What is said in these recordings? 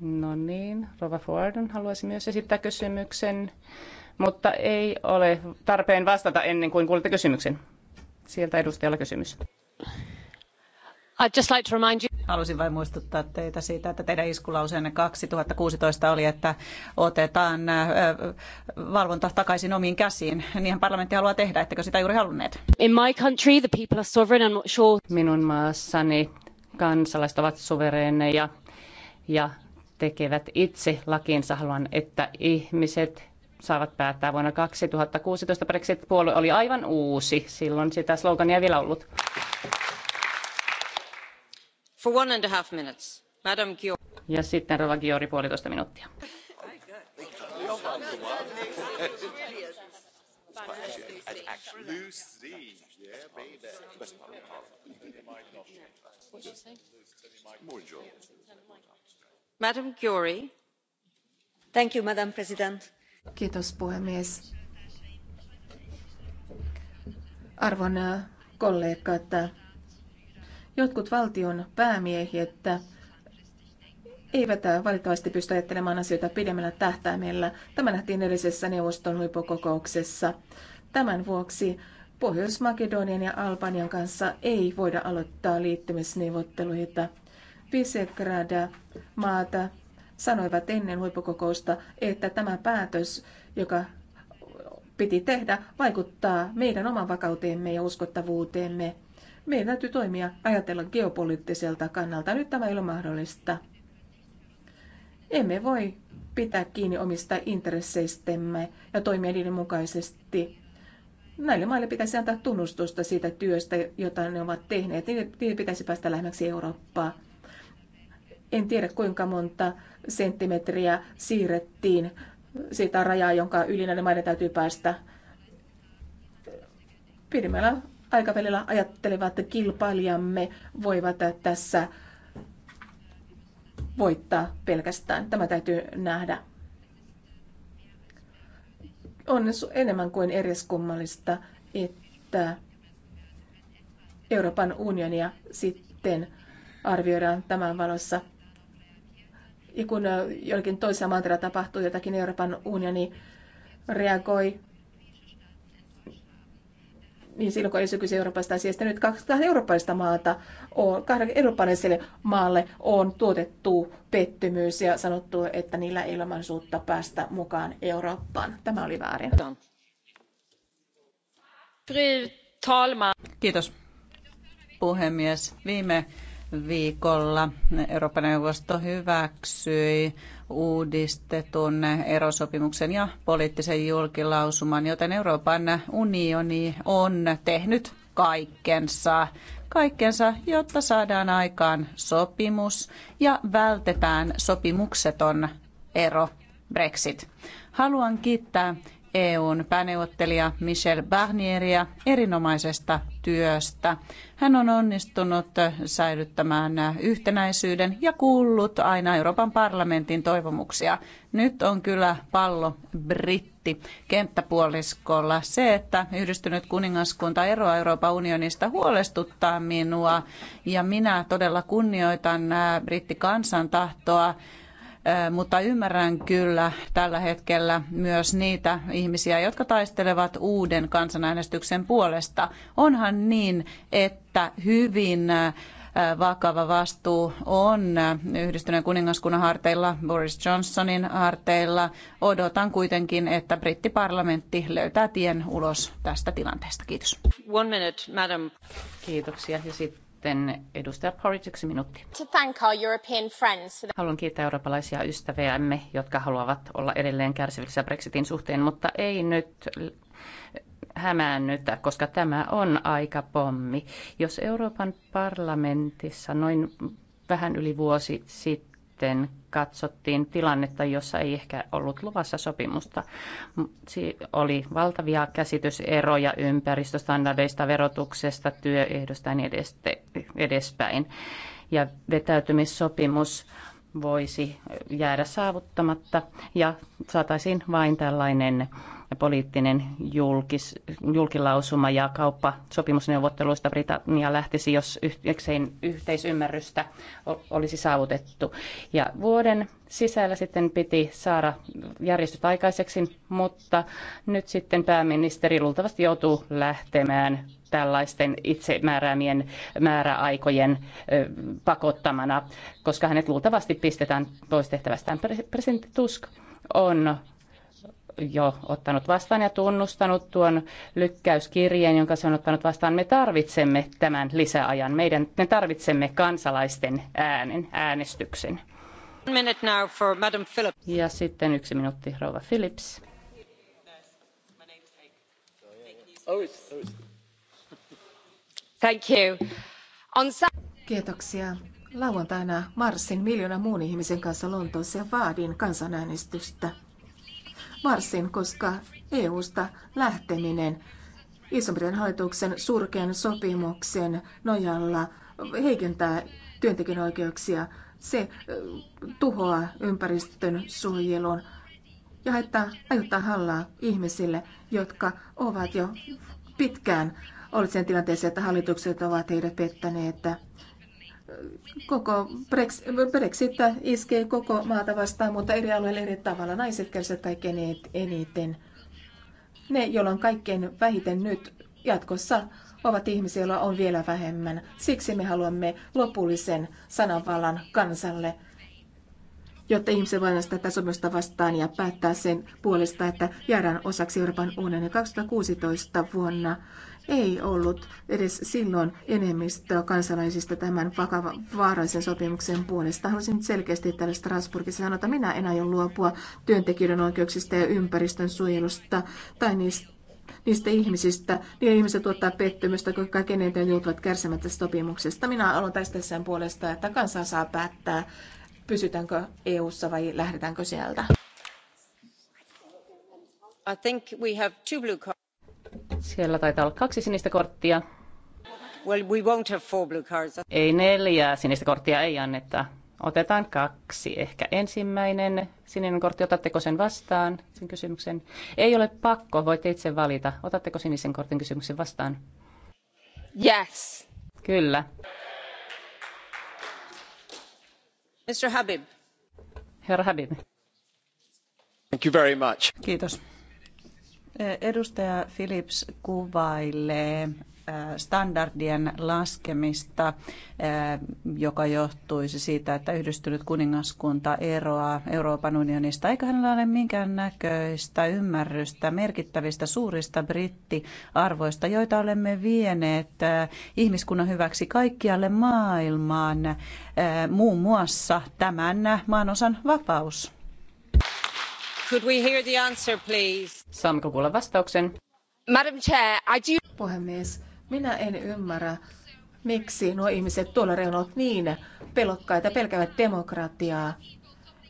No niin, Rova Forden haluaisi myös esittää kysymyksen, mutta ei ole tarpeen vastata ennen kuin kuulette kysymyksen. Sieltä edustajalla kysymys. I'd just like to remind you... Halusin vain muistuttaa teitä siitä, että teidän iskulauseenne 2016 oli, että otetaan valvonta takaisin omiin käsiin. Niinhän parlamentti haluaa tehdä, ettekö sitä juuri halunneet? In my country, the people are sovereign, I'm not sure. Minun maassani kansalaiset ovat suvereeneja ja tekevät itse lakinsa. Haluan, että ihmiset saavat päättää. Vuonna 2016 Brexit-puolue oli aivan uusi. Silloin sitä slogania ei vielä ollut. For one and a half minutes. Madam ja sitten Rova Giori puolitoista minuuttia arvoisa kiitos puhemies arvon äh, kollegat äh, jotkut valtion päämiehet äh, eivät valitettavasti pysty ajattelemaan asioita pidemmällä tähtäimellä. Tämä nähtiin edellisessä neuvoston huippukokouksessa. Tämän vuoksi Pohjois-Makedonian ja Albanian kanssa ei voida aloittaa liittymisneuvotteluita. Visegrad maata sanoivat ennen huippukokousta, että tämä päätös, joka piti tehdä, vaikuttaa meidän oman vakauteemme ja uskottavuuteemme. Meidän täytyy toimia ajatella geopoliittiselta kannalta. Nyt tämä ei ole mahdollista. Emme voi pitää kiinni omista intresseistämme ja toimia niiden mukaisesti. Näille maille pitäisi antaa tunnustusta siitä työstä, jota ne ovat tehneet. Niille pitäisi päästä lähemmäksi Eurooppaa. En tiedä, kuinka monta senttimetriä siirrettiin sitä rajaa, jonka yli näiden maiden täytyy päästä. Pidemmällä aikavälillä ajattelevat että kilpailijamme voivat tässä voittaa pelkästään. Tämä täytyy nähdä. On enemmän kuin eriskummallista, että Euroopan unionia sitten arvioidaan tämän valossa. Ja kun jollakin toisella mantereella tapahtuu jotakin, Euroopan unioni reagoi niin silloin kun olisi kyse Euroopasta asiasta, nyt kaksi eurooppalaista maata on, kahden eurooppalaiselle maalle on tuotettu pettymys ja sanottu, että niillä ei ole mahdollisuutta päästä mukaan Eurooppaan. Tämä oli väärin. Fru talman. Kiitos puhemies. Viime viikolla Euroopan neuvosto hyväksyi uudistetun erosopimuksen ja poliittisen julkilausuman, joten Euroopan unioni on tehnyt kaikkensa, kaikkensa, jotta saadaan aikaan sopimus ja vältetään sopimukseton ero Brexit. Haluan kiittää EUn pääneuvottelija Michel Barnieria erinomaisesta työstä. Hän on onnistunut säilyttämään yhtenäisyyden ja kuullut aina Euroopan parlamentin toivomuksia. Nyt on kyllä pallo britti kenttäpuoliskolla. Se, että yhdistynyt kuningaskunta eroaa Euroopan unionista huolestuttaa minua ja minä todella kunnioitan brittikansan tahtoa mutta ymmärrän kyllä tällä hetkellä myös niitä ihmisiä, jotka taistelevat uuden kansanäänestyksen puolesta. Onhan niin, että hyvin vakava vastuu on yhdistyneen kuningaskunnan harteilla, Boris Johnsonin harteilla. Odotan kuitenkin, että brittiparlamentti löytää tien ulos tästä tilanteesta. Kiitos. One minute, madam. Kiitoksia. Ja sitten sitten edustaja Porridge, yksi minuutti. Haluan kiittää eurooppalaisia ystäviämme, jotka haluavat olla edelleen kärsivällisiä Brexitin suhteen, mutta ei nyt hämäännytä, koska tämä on aika pommi. Jos Euroopan parlamentissa noin vähän yli vuosi sitten sitten katsottiin tilannetta, jossa ei ehkä ollut luvassa sopimusta. Oli valtavia käsityseroja ympäristöstandardeista, verotuksesta, työehdosta ja niin edespäin. Ja vetäytymissopimus voisi jäädä saavuttamatta ja saataisiin vain tällainen poliittinen julkis, julkilausuma ja kauppasopimusneuvotteluista Britannia lähtisi, jos yhteisin, yhteisymmärrystä olisi saavutettu. Ja vuoden sisällä sitten piti saada järjestöt aikaiseksi, mutta nyt sitten pääministeri luultavasti joutuu lähtemään tällaisten itsemääräämien määräaikojen pakottamana, koska hänet luultavasti pistetään pois tehtävästään. Presidentti Tusk on jo ottanut vastaan ja tunnustanut tuon lykkäyskirjeen, jonka se on ottanut vastaan. Me tarvitsemme tämän lisäajan. Meidän, me tarvitsemme kansalaisten äänen, äänestyksen. Ja sitten yksi minuutti, rouva Phillips. Oh, oh, Thank you. On... Kiitoksia. Lauantaina marssin miljoona muun ihmisen kanssa Lontoossa ja vaadin kansanäänestystä varsin, koska EUsta lähteminen Iso-Britannian hallituksen surkean sopimuksen nojalla heikentää työntekijän oikeuksia. Se tuhoaa ympäristön suojelun ja haittaa, aiheuttaa hallaa ihmisille, jotka ovat jo pitkään olleet sen tilanteessa, että hallitukset ovat heidät pettäneet koko Brexit iskee koko maata vastaan, mutta eri alueilla eri tavalla. Naiset kärsivät kaikkein eniten. Ne, joilla on kaikkein vähiten nyt jatkossa, ovat ihmisiä, joilla on vielä vähemmän. Siksi me haluamme lopullisen sananvallan kansalle, jotta ihmiset voivat nostaa tätä vastaan ja päättää sen puolesta, että jäädään osaksi Euroopan unionia 2016 vuonna ei ollut edes silloin enemmistö kansalaisista tämän vakava vaarallisen sopimuksen puolesta. Haluaisin selkeästi täällä Strasbourgissa sanoa, että minä en aio luopua työntekijöiden oikeuksista ja ympäristön suojelusta tai niistä niistä ihmisistä. niin ihmiset tuottaa pettymystä, kun kaikkein eniten joutuvat kärsimään tästä sopimuksesta. Minä olen tästä sen puolesta, että kansa saa päättää, pysytäänkö EU-ssa vai lähdetäänkö sieltä. I think we have two blue siellä taitaa olla kaksi sinistä korttia. Well, we won't have four blue cards. Ei neljää sinistä korttia ei anneta. Otetaan kaksi. Ehkä ensimmäinen sininen kortti, otatteko sen vastaan, sen kysymyksen? Ei ole pakko, voitte itse valita. Otatteko sinisen kortin kysymyksen vastaan? Yes. Kyllä. Mr. Habib. Herra Habib. Thank you very much. Kiitos. Edustaja Philips kuvailee äh, standardien laskemista, äh, joka johtuisi siitä, että yhdistynyt kuningaskunta eroaa Euroopan unionista. Eikä hänellä ole minkään näköistä ymmärrystä merkittävistä suurista brittiarvoista, joita olemme vieneet äh, ihmiskunnan hyväksi kaikkialle maailmaan, muun muassa tämän maanosan vapaus. Saammeko kuulla vastauksen? Madam Chair, I do... Puhemies, minä en ymmärrä, miksi nuo ihmiset tuolla reunalla ovat niin pelokkaita, pelkävät demokratiaa,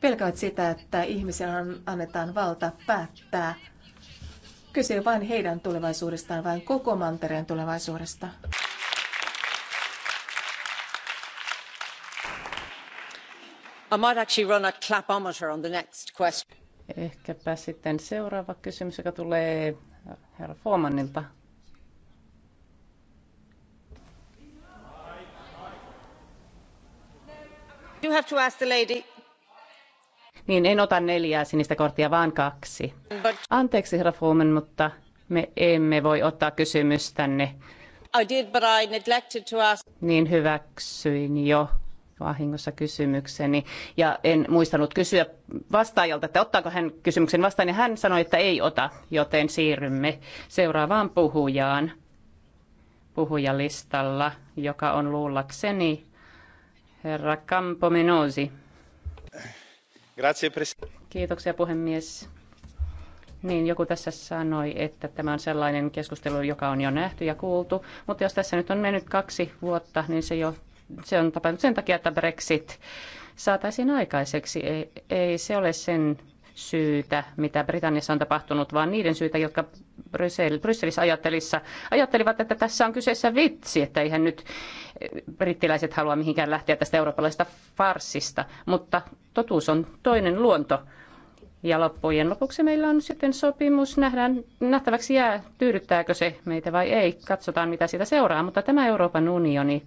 pelkävät sitä, että ihmisille annetaan valta päättää. Kyse ei vain heidän tulevaisuudestaan, vaan koko mantereen tulevaisuudesta. I might actually run a clapometer on the next question. Ehkäpä sitten seuraava kysymys, joka tulee herra Foomannilta. You have to ask the lady. Niin, en ota neljää sinistä korttia, vaan kaksi. But... Anteeksi, herra Fuomen, mutta me emme voi ottaa kysymystänne. I did, but I neglected to ask. Niin hyväksyin jo vahingossa kysymykseni ja en muistanut kysyä vastaajalta, että ottaako hän kysymyksen vastaan ja hän sanoi, että ei ota, joten siirrymme seuraavaan puhujaan puhujalistalla, joka on luullakseni herra Campomenosi. Kiitoksia puhemies. Niin, joku tässä sanoi, että tämä on sellainen keskustelu, joka on jo nähty ja kuultu, mutta jos tässä nyt on mennyt kaksi vuotta, niin se jo se on tapahtunut sen takia, että Brexit saataisiin aikaiseksi. Ei, ei se ole sen syytä, mitä Britanniassa on tapahtunut, vaan niiden syytä, jotka Brysselissä ajattelissa, ajattelivat, että tässä on kyseessä vitsi, että eihän nyt brittiläiset halua mihinkään lähteä tästä eurooppalaisesta farsista, mutta totuus on toinen luonto. Ja loppujen lopuksi meillä on sitten sopimus, nähdään, nähtäväksi jää, tyydyttääkö se meitä vai ei, katsotaan mitä siitä seuraa, mutta tämä Euroopan unioni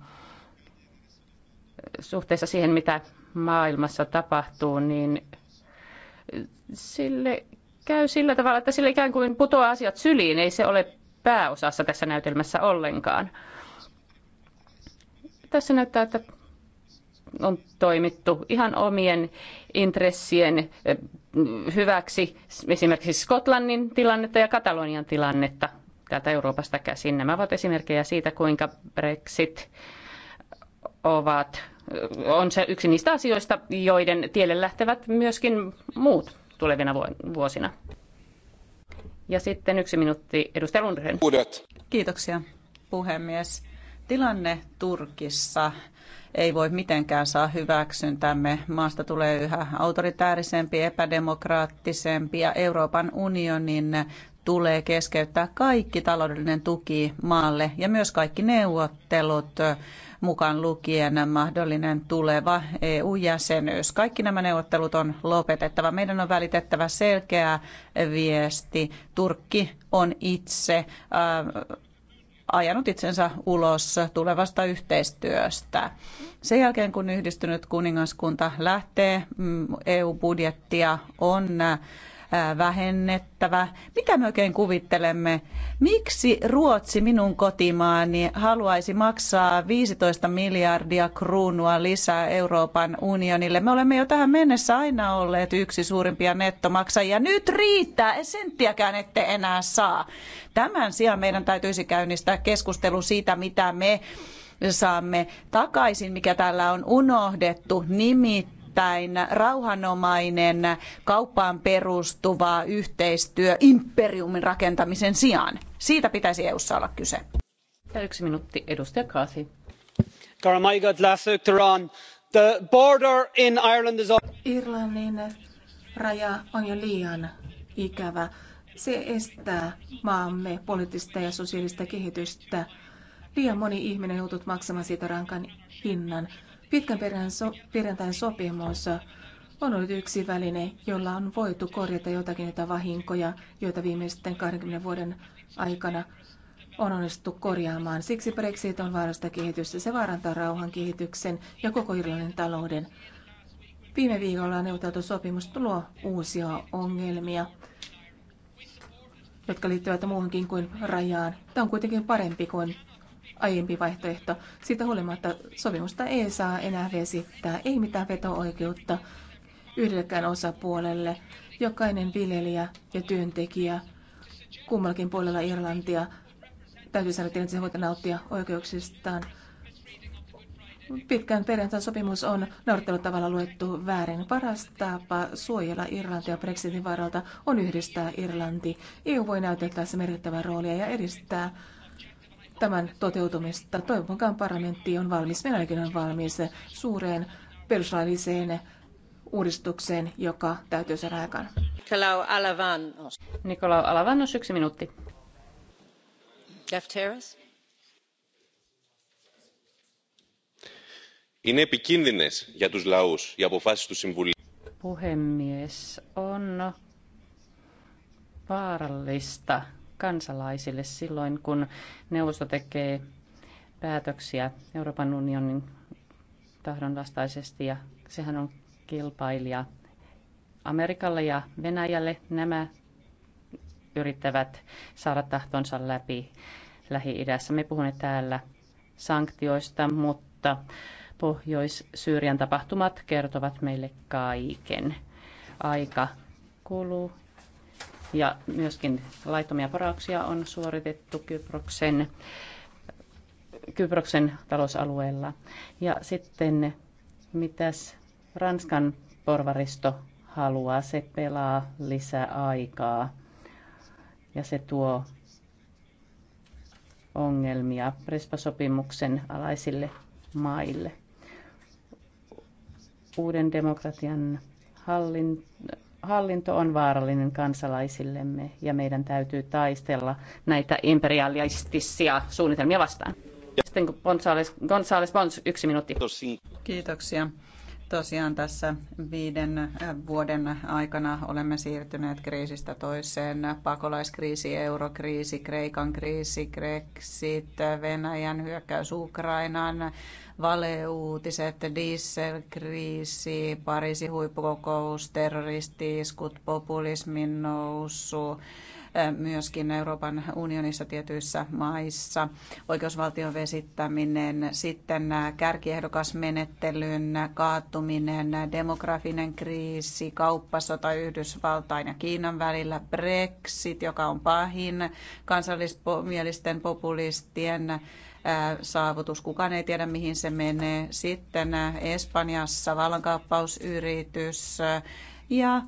suhteessa siihen, mitä maailmassa tapahtuu, niin sille käy sillä tavalla, että sille ikään kuin putoaa asiat syliin. Ei se ole pääosassa tässä näytelmässä ollenkaan. Tässä näyttää, että on toimittu ihan omien intressien eh, hyväksi esimerkiksi Skotlannin tilannetta ja Katalonian tilannetta täältä Euroopasta käsin. Nämä ovat esimerkkejä siitä, kuinka Brexit ovat, on se yksi niistä asioista, joiden tielle lähtevät myöskin muut tulevina vuosina. Ja sitten yksi minuutti edustaja Lundgren. Uudet. Kiitoksia puhemies. Tilanne Turkissa ei voi mitenkään saa hyväksyntämme. Maasta tulee yhä autoritäärisempi, epädemokraattisempi ja Euroopan unionin tulee keskeyttää kaikki taloudellinen tuki maalle ja myös kaikki neuvottelut mukaan lukien mahdollinen tuleva EU-jäsenyys. Kaikki nämä neuvottelut on lopetettava. Meidän on välitettävä selkeä viesti. Turkki on itse ajanut itsensä ulos tulevasta yhteistyöstä. Sen jälkeen, kun yhdistynyt kuningaskunta lähtee, mm, EU-budjettia on vähennettävä. Mitä me oikein kuvittelemme? Miksi Ruotsi, minun kotimaani, haluaisi maksaa 15 miljardia kruunua lisää Euroopan unionille? Me olemme jo tähän mennessä aina olleet yksi suurimpia nettomaksajia. Nyt riittää, en senttiäkään ette enää saa. Tämän sijaan meidän täytyisi käynnistää keskustelu siitä, mitä me saamme takaisin, mikä täällä on unohdettu, nimittäin erittäin rauhanomainen kauppaan perustuva yhteistyö imperiumin rakentamisen sijaan. Siitä pitäisi EU:ssa olla kyse. Ja yksi minuutti, edustaja Kaasi. The border in Ireland is... Irlannin raja on jo liian ikävä. Se estää maamme poliittista ja sosiaalista kehitystä. Liian moni ihminen joutuu maksamaan siitä rankan hinnan. Pitkän perjantain sopimus on ollut yksi väline, jolla on voitu korjata jotakin niitä vahinkoja, joita viimeisten 20 vuoden aikana on onnistuttu korjaamaan. Siksi Brexit on vaarasta kehitystä. Se vaarantaa rauhan kehityksen ja koko Irlannin talouden. Viime viikolla neuvoteltu sopimus luo uusia ongelmia, jotka liittyvät muuhunkin kuin rajaan. Tämä on kuitenkin parempi kuin aiempi vaihtoehto. Siitä huolimatta sopimusta ei saa enää vesittää, ei mitään veto-oikeutta yhdellekään osapuolelle. Jokainen viljelijä ja työntekijä kummallakin puolella Irlantia täytyy saada tietysti voita nauttia oikeuksistaan. Pitkän perjantain sopimus on tavalla luettu väärin. Paras tapa suojella Irlantia Brexitin varalta on yhdistää Irlanti. EU voi näyttää tässä merkittävää roolia ja edistää tämän toteutumista. Toivon mukaan parlamentti on valmis, Venäjäkin on valmis suureen perustuslailliseen uudistukseen, joka täytyy saada aikaan. Nicolau Alavannos. Nicolau Alavannos, yksi minuutti. Lefteris. Είναι επικίνδυνες για τους λαούς οι αποφάσεις του Συμβουλίου. Puhemies, on vaarallista kansalaisille silloin, kun neuvosto tekee päätöksiä Euroopan unionin tahdon vastaisesti ja sehän on kilpailija Amerikalle ja Venäjälle. Nämä yrittävät saada tahtonsa läpi Lähi-idässä. Me puhumme täällä sanktioista, mutta Pohjois-Syyrian tapahtumat kertovat meille kaiken. Aika kuluu ja myöskin laittomia parauksia on suoritettu Kyproksen, Kyproksen talousalueella. Ja sitten mitäs Ranskan porvaristo haluaa, se pelaa lisää aikaa ja se tuo ongelmia Prespa-sopimuksen alaisille maille. Uuden demokratian hallin, hallinto on vaarallinen kansalaisillemme ja meidän täytyy taistella näitä imperialistisia suunnitelmia vastaan. Sitten Gonzales, Gonzales Bons, yksi minuutti. Kiitoksia. Tosiaan tässä viiden vuoden aikana olemme siirtyneet kriisistä toiseen. Pakolaiskriisi, eurokriisi, Kreikan kriisi, Brexit, Venäjän hyökkäys Ukrainaan, valeuutiset, dieselkriisi, Pariisin huippukokous, terroristiiskut, populismin nousu, myöskin Euroopan unionissa tietyissä maissa, oikeusvaltion vesittäminen, sitten kärkiehdokasmenettelyn kaatuminen, demografinen kriisi, kauppasota Yhdysvaltain ja Kiinan välillä, Brexit, joka on pahin, kansallismielisten populistien saavutus. Kukaan ei tiedä, mihin se menee. Sitten Espanjassa vallankaappausyritys ja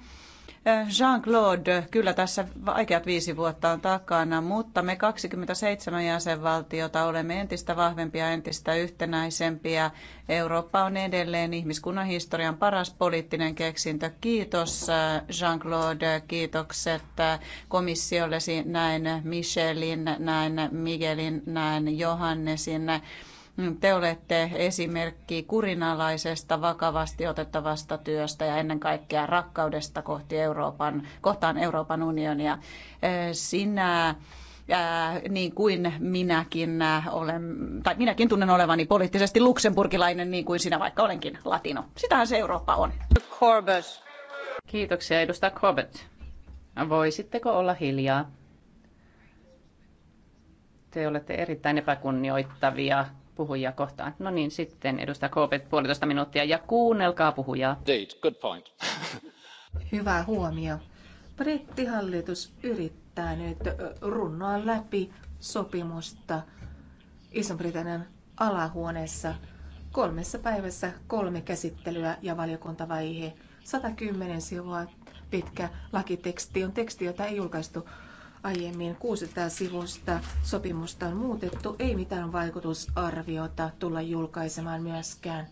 Eh, Jean-Claude, kyllä tässä vaikeat viisi vuotta on takana, mutta me 27 jäsenvaltiota olemme entistä vahvempia, entistä yhtenäisempiä. Eurooppa on edelleen ihmiskunnan historian paras poliittinen keksintö. Kiitos eh, Jean-Claude, kiitokset eh, komissiollesi, näin Michelin, näin Miguelin, näin Johannesin Mm, te olette esimerkki kurinalaisesta, vakavasti otettavasta työstä ja ennen kaikkea rakkaudesta kohti Euroopan, kohtaan Euroopan unionia. Sinä niin kuin minäkin olen, tai minäkin tunnen olevani poliittisesti luksemburgilainen, niin kuin sinä vaikka olenkin latino. Sitähän se Eurooppa on. Corbett. Kiitoksia, edustaja Corbett. Voisitteko olla hiljaa? Te olette erittäin epäkunnioittavia puhujia kohtaan. No niin, sitten edustaja Koopet puolitoista minuuttia ja kuunnelkaa puhujaa. Indeed, good point. Hyvä huomio. Brittihallitus yrittää nyt runnoa läpi sopimusta Iso-Britannian alahuoneessa. Kolmessa päivässä kolme käsittelyä ja valiokuntavaihe. 110 sivua pitkä lakiteksti on teksti, jota ei julkaistu aiemmin 600 sivusta sopimusta on muutettu, ei mitään vaikutusarviota tulla julkaisemaan myöskään.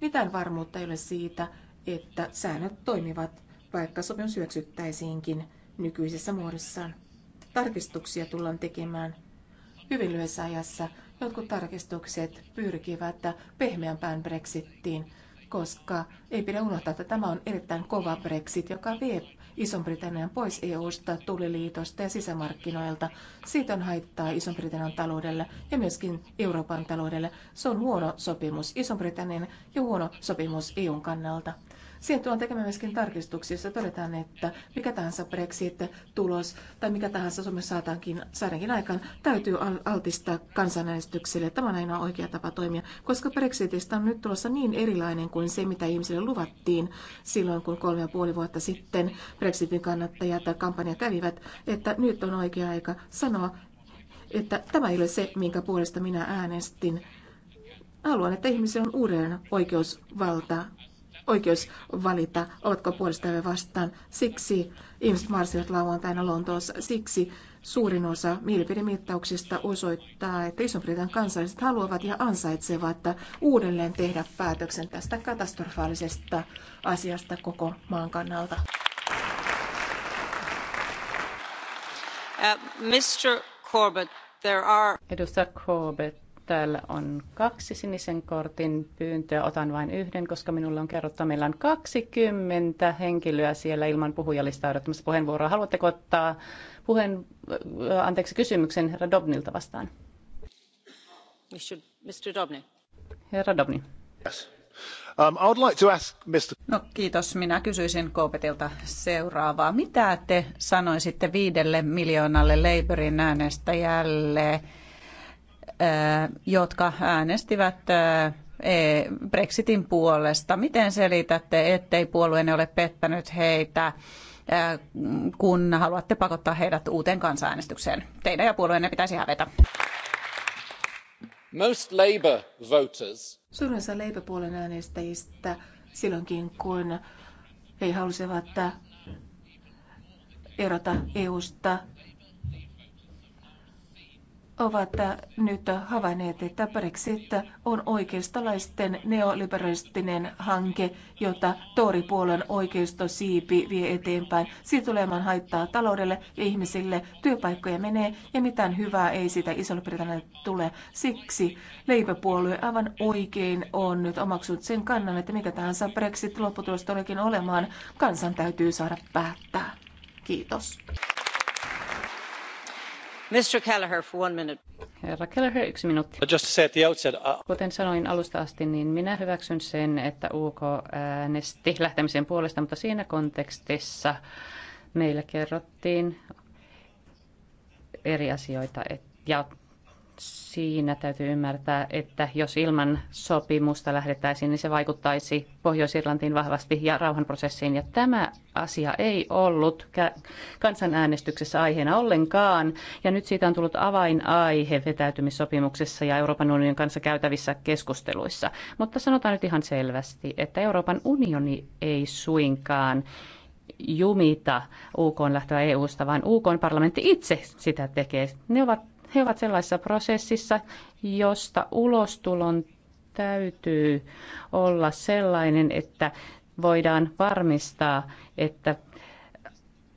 Mitään varmuutta ei ole siitä, että säännöt toimivat, vaikka sopimus hyväksyttäisiinkin nykyisessä muodossaan. Tarkistuksia tullaan tekemään hyvin lyhyessä ajassa. Jotkut tarkistukset pyrkivät pehmeämpään brexittiin, koska ei pidä unohtaa, että tämä on erittäin kova brexit, joka vie Ison-Britannian pois EU-sta, tuliliitosta ja sisämarkkinoilta. Siitä on haittaa Ison-Britannian taloudelle ja myöskin Euroopan taloudelle. Se on huono sopimus Ison-Britannian ja huono sopimus EUn kannalta. Siihen tullaan tekemään myöskin tarkistuksia, jossa todetaan, että mikä tahansa Brexit-tulos tai mikä tahansa Suomessa saataankin, saadaankin aikaan, täytyy altistaa kansanäänestykselle. Tämä on aina oikea tapa toimia, koska Brexitistä on nyt tulossa niin erilainen kuin se, mitä ihmisille luvattiin silloin, kun kolme ja puoli vuotta sitten Brexitin kannattajat tai kampanja kävivät, että nyt on oikea aika sanoa, että tämä ei ole se, minkä puolesta minä äänestin. Haluan, että ihmisillä on uudelleen oikeus oikeus valita, ovatko puolesta vai vastaan. Siksi ihmiset marssivat lauantaina Lontoossa. Siksi suurin osa mielipidemittauksista osoittaa, että Iso-Britannian kansalaiset haluavat ja ansaitsevat että uudelleen tehdä päätöksen tästä katastrofaalisesta asiasta koko maan kannalta. Uh, Mr. Corbett, there are... Edustaja Corbett, Täällä on kaksi sinisen kortin pyyntöä. Otan vain yhden, koska minulle on kerrottu, meillä on 20 henkilöä siellä ilman puhujalistaa odottamassa puheenvuoroa. Haluatteko ottaa puheen, äh, anteeksi, kysymyksen herra Dobnilta vastaan? Mr. Dobny. Herra Dobny. Yes. Um, I would like to ask Mr. No, kiitos. Minä kysyisin Koopetilta seuraavaa. Mitä te sanoisitte viidelle miljoonalle Labourin äänestäjälle, jotka äänestivät e, Brexitin puolesta. Miten selitätte, ettei puolueen ole pettänyt heitä, kun haluatte pakottaa heidät uuteen kansanäänestykseen? Teidän ja puolueenne pitäisi hävetä. Most Labour voters. Suurin osa Labour-puolen äänestäjistä silloinkin, kun he halusivat erota EUsta ovat nyt havainneet, että Brexit on oikeistolaisten neoliberalistinen hanke, jota Tory-puolen oikeistosiipi vie eteenpäin. Siitä olemaan haittaa taloudelle ja ihmisille, työpaikkoja menee ja mitään hyvää ei siitä isolle britannialle tule. Siksi leipäpuolue aivan oikein on nyt omaksunut sen kannan, että mikä tahansa Brexit lopputulos olekin olemaan, kansan täytyy saada päättää. Kiitos. Herra Kelleher, yksi minuutti. Uh, Kuten sanoin alusta asti, niin minä hyväksyn sen, että UK äänesti lähtemisen puolesta, mutta siinä kontekstissa meillä kerrottiin eri asioita, että ja siinä täytyy ymmärtää, että jos ilman sopimusta lähdettäisiin, niin se vaikuttaisi Pohjois-Irlantiin vahvasti ja rauhanprosessiin. Ja tämä asia ei ollut kansanäänestyksessä aiheena ollenkaan. Ja nyt siitä on tullut avainaihe vetäytymissopimuksessa ja Euroopan unionin kanssa käytävissä keskusteluissa. Mutta sanotaan nyt ihan selvästi, että Euroopan unioni ei suinkaan jumita UK lähtöä EU-sta, vaan UK parlamentti itse sitä tekee. Ne ovat he ovat sellaisessa prosessissa, josta ulostulon täytyy olla sellainen, että voidaan varmistaa, että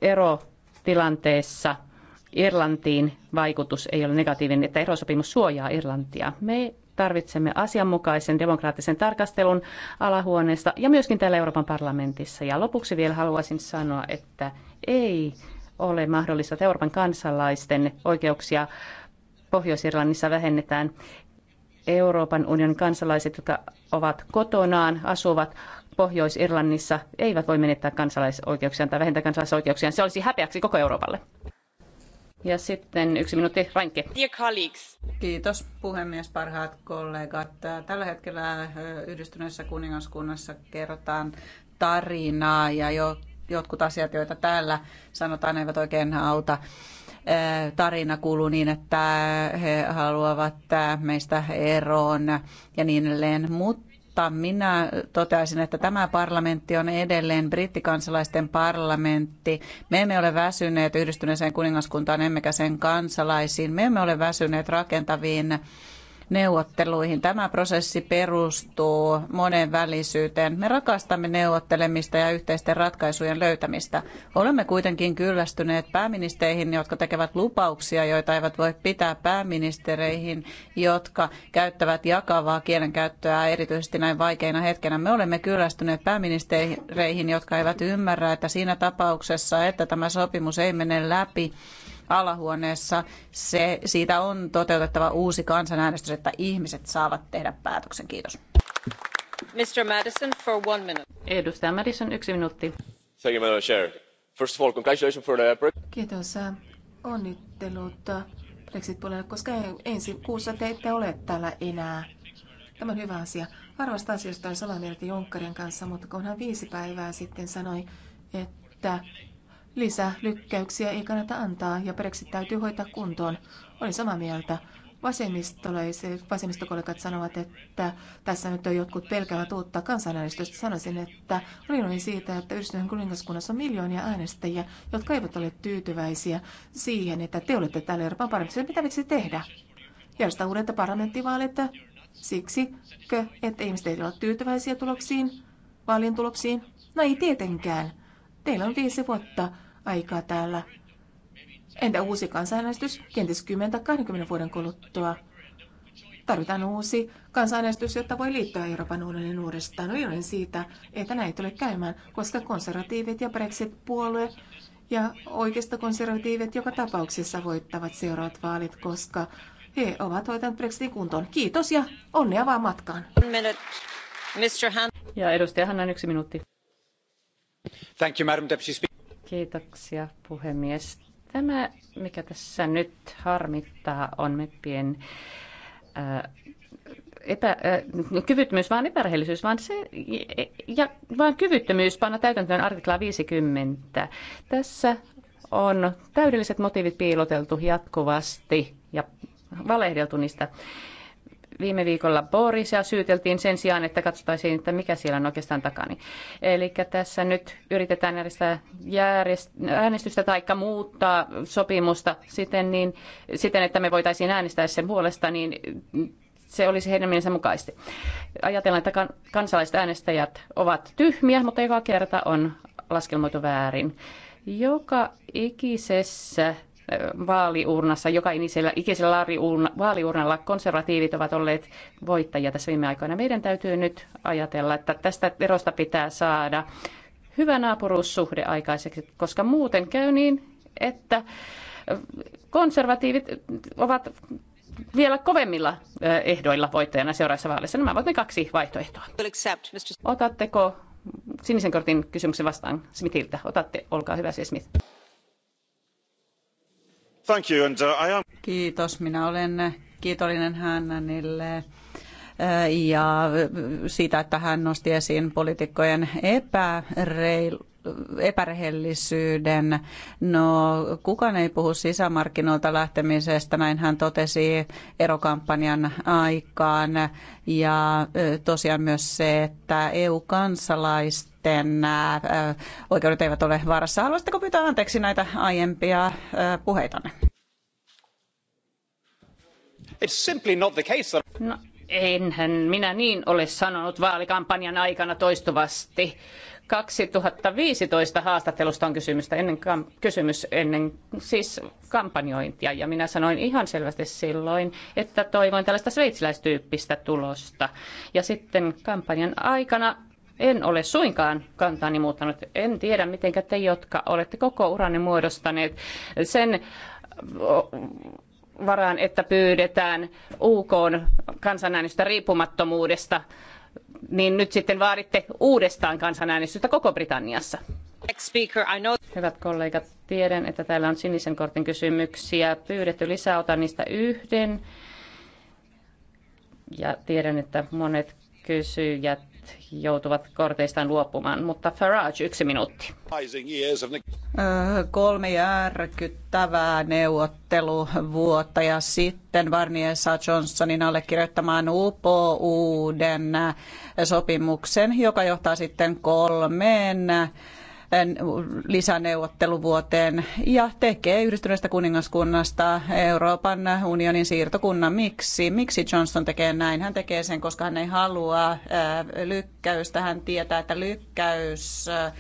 erotilanteessa Irlantiin vaikutus ei ole negatiivinen, että erosopimus suojaa Irlantia. Me tarvitsemme asianmukaisen demokraattisen tarkastelun alahuoneesta ja myöskin täällä Euroopan parlamentissa. Ja lopuksi vielä haluaisin sanoa, että ei ole mahdollista, että Euroopan kansalaisten oikeuksia Pohjois-Irlannissa vähennetään. Euroopan unionin kansalaiset, jotka ovat kotonaan, asuvat Pohjois-Irlannissa, eivät voi menettää kansalaisoikeuksiaan tai vähentää kansalaisoikeuksiaan. Se olisi häpeäksi koko Euroopalle. Ja sitten yksi minuutti, Rankke. Kiitos puhemies, parhaat kollegat. Tällä hetkellä yhdistyneessä kuningaskunnassa kerrotaan tarinaa ja jo jotkut asiat, joita täällä sanotaan, eivät oikein auta. Tarina kuuluu niin, että he haluavat meistä eroon ja niin edelleen, mutta minä toteaisin, että tämä parlamentti on edelleen brittikansalaisten parlamentti. Me emme ole väsyneet yhdistyneeseen kuningaskuntaan emmekä sen kansalaisiin. Me emme ole väsyneet rakentaviin neuvotteluihin. Tämä prosessi perustuu monenvälisyyteen. Me rakastamme neuvottelemista ja yhteisten ratkaisujen löytämistä. Olemme kuitenkin kyllästyneet pääministeihin, jotka tekevät lupauksia, joita eivät voi pitää pääministereihin, jotka käyttävät jakavaa kielenkäyttöä erityisesti näin vaikeina hetkenä. Me olemme kyllästyneet pääministereihin, jotka eivät ymmärrä, että siinä tapauksessa, että tämä sopimus ei mene läpi, alahuoneessa. Se, siitä on toteutettava uusi kansanäänestys, että ihmiset saavat tehdä päätöksen. Kiitos. Mr. Madison for one minute. Edustaja Madison, yksi minuutti. Thank you, Madam Chair. First of all, congratulations for the... Kiitos. Onnittelut Brexit-puolelle, koska ensi kuussa te ette ole täällä enää. Tämä on hyvä asia. Harvasta asiasta on samaa mieltä Junckerin kanssa, mutta kun hän viisi päivää sitten sanoi, että lisälykkäyksiä ei kannata antaa ja Brexit täytyy hoitaa kuntoon. Olen samaa mieltä. Vasemmistolaiset, vasemmistokollegat sanovat, että tässä nyt on jotkut pelkäävät uutta kansanäänestystä. Sanoisin, että olen siitä, että Yhdistyneen kuningaskunnassa on miljoonia äänestäjiä, jotka eivät ole tyytyväisiä siihen, että te olette täällä Euroopan parlamentissa. Mitä miksi tehdä? Järjestää uudet parlamenttivaalit siksi, että ihmiset eivät ole tyytyväisiä tuloksiin, vaalien tuloksiin. No ei tietenkään Teillä on viisi vuotta aikaa täällä. Entä uusi kansanäänestys kenties 10-20 vuoden kuluttua? Tarvitaan uusi kansanäänestys, jotta voi liittyä Euroopan unionin uudestaan. Olen siitä, että näin tulee käymään, koska konservatiivit ja Brexit-puolue ja oikeista konservatiivit, joka tapauksessa voittavat seuraavat vaalit, koska he ovat hoitaneet Brexitin kuntoon. Kiitos ja onnea vaan matkaan. Ja edustaja Hanna, yksi minuutti. Kiitoksia puhemies. Tämä, mikä tässä nyt harmittaa, on meppien äh, epä, äh, kyvyttömyys, vaan epärehellisyys, vaan, se, ja, vaan kyvyttömyys panna täytäntöön artikla 50. Tässä on täydelliset motiivit piiloteltu jatkuvasti ja valehdeltu niistä viime viikolla Borisia syyteltiin sen sijaan, että katsottaisiin, että mikä siellä on oikeastaan takani. Eli tässä nyt yritetään järjestää äänestystä tai muuttaa sopimusta siten, niin, siten, että me voitaisiin äänestää sen puolesta, niin se olisi heidän mielensä mukaisesti. Ajatellaan, että kansalaiset äänestäjät ovat tyhmiä, mutta joka kerta on laskelmoitu väärin. Joka ikisessä vaaliurnassa, joka ikisellä, ikisellä vaaliurnalla konservatiivit ovat olleet voittajia tässä viime aikoina. Meidän täytyy nyt ajatella, että tästä erosta pitää saada hyvä naapuruussuhde aikaiseksi, koska muuten käy niin, että konservatiivit ovat vielä kovemmilla ehdoilla voittajana seuraavassa vaaleissa. Nämä ovat ne kaksi vaihtoehtoa. Otatteko sinisen kortin kysymyksen vastaan Smithiltä? Otatte, olkaa hyvä se Smith. Uh, Kiitos, minä olen kiitollinen Hännänille äh, ja äh, siitä, että hän nosti esiin poliitikkojen epäreil, epärehellisyyden. No, kukaan ei puhu sisämarkkinoilta lähtemisestä, näin hän totesi erokampanjan aikaan. Ja äh, tosiaan myös se, että EU-kansalaista sitten äh, äh, oikeudet eivät ole vaarassa. Haluaisitteko pyytää anteeksi näitä aiempia äh, puheitanne? It's simply not the case no, enhän minä niin ole sanonut vaalikampanjan aikana toistuvasti. 2015 haastattelusta on kysymystä ennen, kam, kysymys ennen siis kampanjointia. Ja minä sanoin ihan selvästi silloin, että toivoin tällaista sveitsiläistyyppistä tulosta. Ja sitten kampanjan aikana en ole suinkaan kantani muuttanut. En tiedä, miten te, jotka olette koko uranne muodostaneet sen varaan, että pyydetään UK kansanäänestä riippumattomuudesta, niin nyt sitten vaaditte uudestaan kansanäänestystä koko Britanniassa. Hyvät kollegat, tiedän, että täällä on sinisen kortin kysymyksiä pyydetty lisää. Otan niistä yhden. Ja tiedän, että monet kysyjät joutuvat korteistaan luopumaan. Mutta Farage, yksi minuutti. Äh, kolme järkyttävää neuvotteluvuotta ja sitten varniessa saa Johnsonin allekirjoittamaan UPO-uuden sopimuksen, joka johtaa sitten kolmeen lisäneuvotteluvuoteen ja tekee yhdistyneestä kuningaskunnasta Euroopan unionin siirtokunnan. Miksi? Miksi Johnson tekee näin? Hän tekee sen, koska hän ei halua äh, lykkäystä. Hän tietää, että lykkäys äh,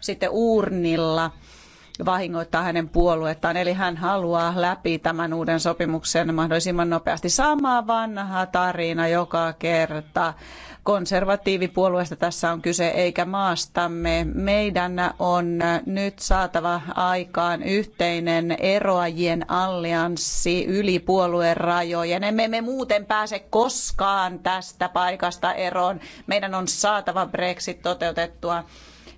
sitten uurnilla vahingoittaa hänen puoluettaan. Eli hän haluaa läpi tämän uuden sopimuksen mahdollisimman nopeasti. Sama vanha tarina joka kerta. Konservatiivipuolueesta tässä on kyse eikä maastamme. Meidän on nyt saatava aikaan yhteinen eroajien allianssi yli puolueen rajojen. Emme me muuten pääse koskaan tästä paikasta eroon. Meidän on saatava Brexit toteutettua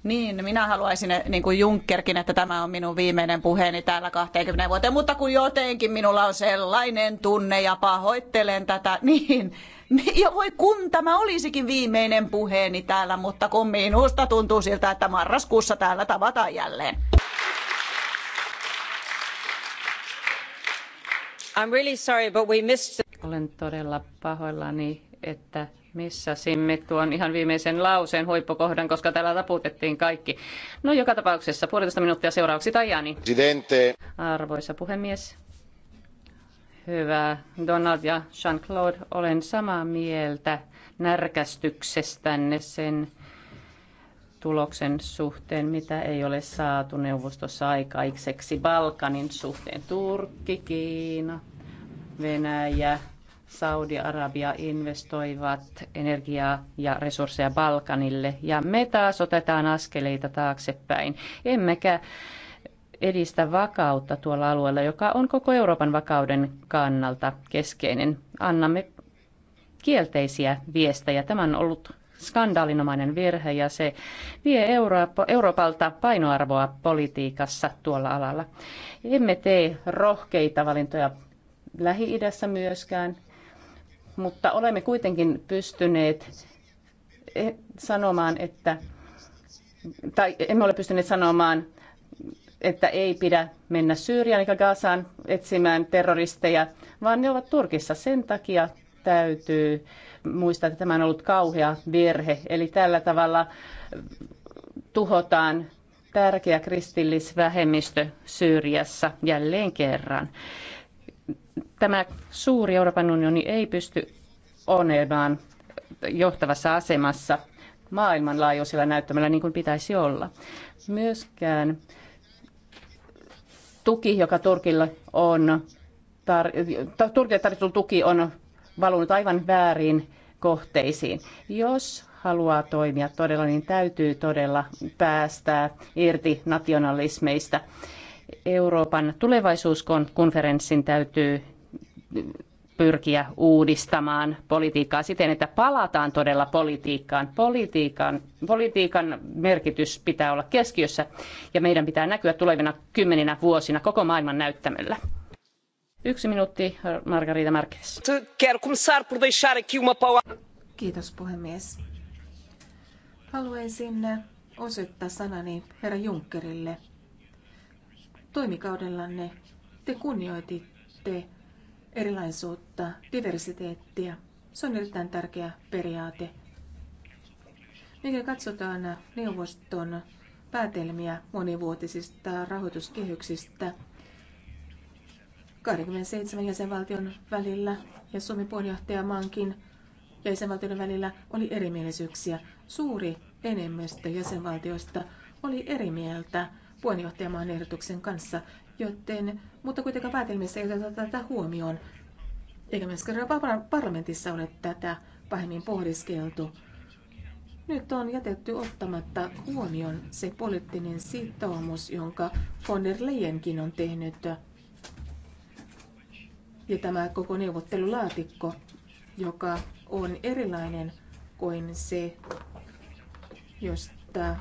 niin, minä haluaisin, eh, niin kuin Junckerkin, että tämä on minun viimeinen puheeni täällä 20 vuoteen, mutta kun jotenkin minulla on sellainen tunne ja pahoittelen tätä, niin, niin ja voi kun tämä olisikin viimeinen puheeni täällä, mutta kun minusta tuntuu siltä, että marraskuussa täällä tavataan jälleen. I'm really sorry, but we missed... Olen todella pahoillani, että missasimme tuon ihan viimeisen lauseen huippukohdan, koska täällä taputettiin kaikki. No joka tapauksessa puolitoista minuuttia seuraavaksi Tajani. Presidente. Arvoisa puhemies. Hyvä. Donald ja Jean-Claude, olen samaa mieltä närkästyksestänne sen tuloksen suhteen, mitä ei ole saatu neuvostossa aikaiseksi Balkanin suhteen. Turkki, Kiina, Venäjä, Saudi-Arabia investoivat energiaa ja resursseja Balkanille ja me taas otetaan askeleita taaksepäin. Emmekä edistä vakautta tuolla alueella, joka on koko Euroopan vakauden kannalta keskeinen. Annamme kielteisiä viestejä. Tämä on ollut skandaalinomainen virhe ja se vie Euroopalta painoarvoa politiikassa tuolla alalla. Emme tee rohkeita valintoja Lähi-idässä myöskään mutta olemme kuitenkin pystyneet eh, sanomaan, että, tai emme ole pystyneet sanomaan, että ei pidä mennä Syyriaan eikä Gazaan etsimään terroristeja, vaan ne ovat Turkissa. Sen takia täytyy muistaa, että tämä on ollut kauhea virhe. Eli tällä tavalla tuhotaan tärkeä kristillisvähemmistö Syyriassa jälleen kerran tämä suuri Euroopan unioni ei pysty olemaan johtavassa asemassa maailmanlaajuisella näyttämällä niin kuin pitäisi olla. Myöskään tuki, joka Turkille on, tar- Turkille tarjottu tuki on valunut aivan väärin kohteisiin. Jos haluaa toimia todella, niin täytyy todella päästää irti nationalismeista Euroopan tulevaisuuskonferenssin täytyy pyrkiä uudistamaan politiikkaa siten, että palataan todella politiikkaan. Politiikan, politiikan merkitys pitää olla keskiössä ja meidän pitää näkyä tulevina kymmeninä vuosina koko maailman näyttämöllä. Yksi minuutti, Margarita Marquez. Kiitos puhemies. Haluaisin osoittaa sanani herra Junckerille – Toimikaudellanne te kunnioititte erilaisuutta, diversiteettiä. Se on erittäin tärkeä periaate. Mikä katsotaan neuvoston päätelmiä monivuotisista rahoituskehyksistä 27 jäsenvaltion välillä ja Suomen puheenjohtajamaankin ja jäsenvaltioiden välillä oli erimielisyyksiä. Suuri enemmistö jäsenvaltioista oli eri mieltä puheenjohtajamaan ehdotuksen kanssa, joten, mutta kuitenkaan päätelmissä ei oteta tätä huomioon. Eikä myöskään parlamentissa ole tätä pahemmin pohdiskeltu. Nyt on jätetty ottamatta huomioon se poliittinen sitoumus, jonka von der Leyenkin on tehnyt. Ja tämä koko neuvottelulaatikko, joka on erilainen kuin se, josta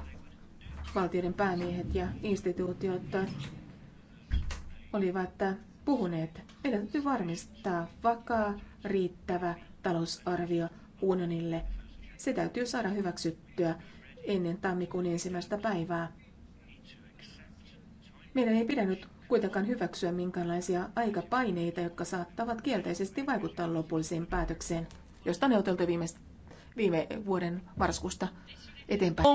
valtioiden päämiehet ja instituutiot olivat puhuneet. Meidän täytyy varmistaa vakaa, riittävä talousarvio unionille. Se täytyy saada hyväksyttyä ennen tammikuun ensimmäistä päivää. Meidän ei pidä nyt kuitenkaan hyväksyä minkäänlaisia aikapaineita, jotka saattavat kielteisesti vaikuttaa lopulliseen päätökseen, josta ne viime, viime vuoden marraskuusta eteenpäin.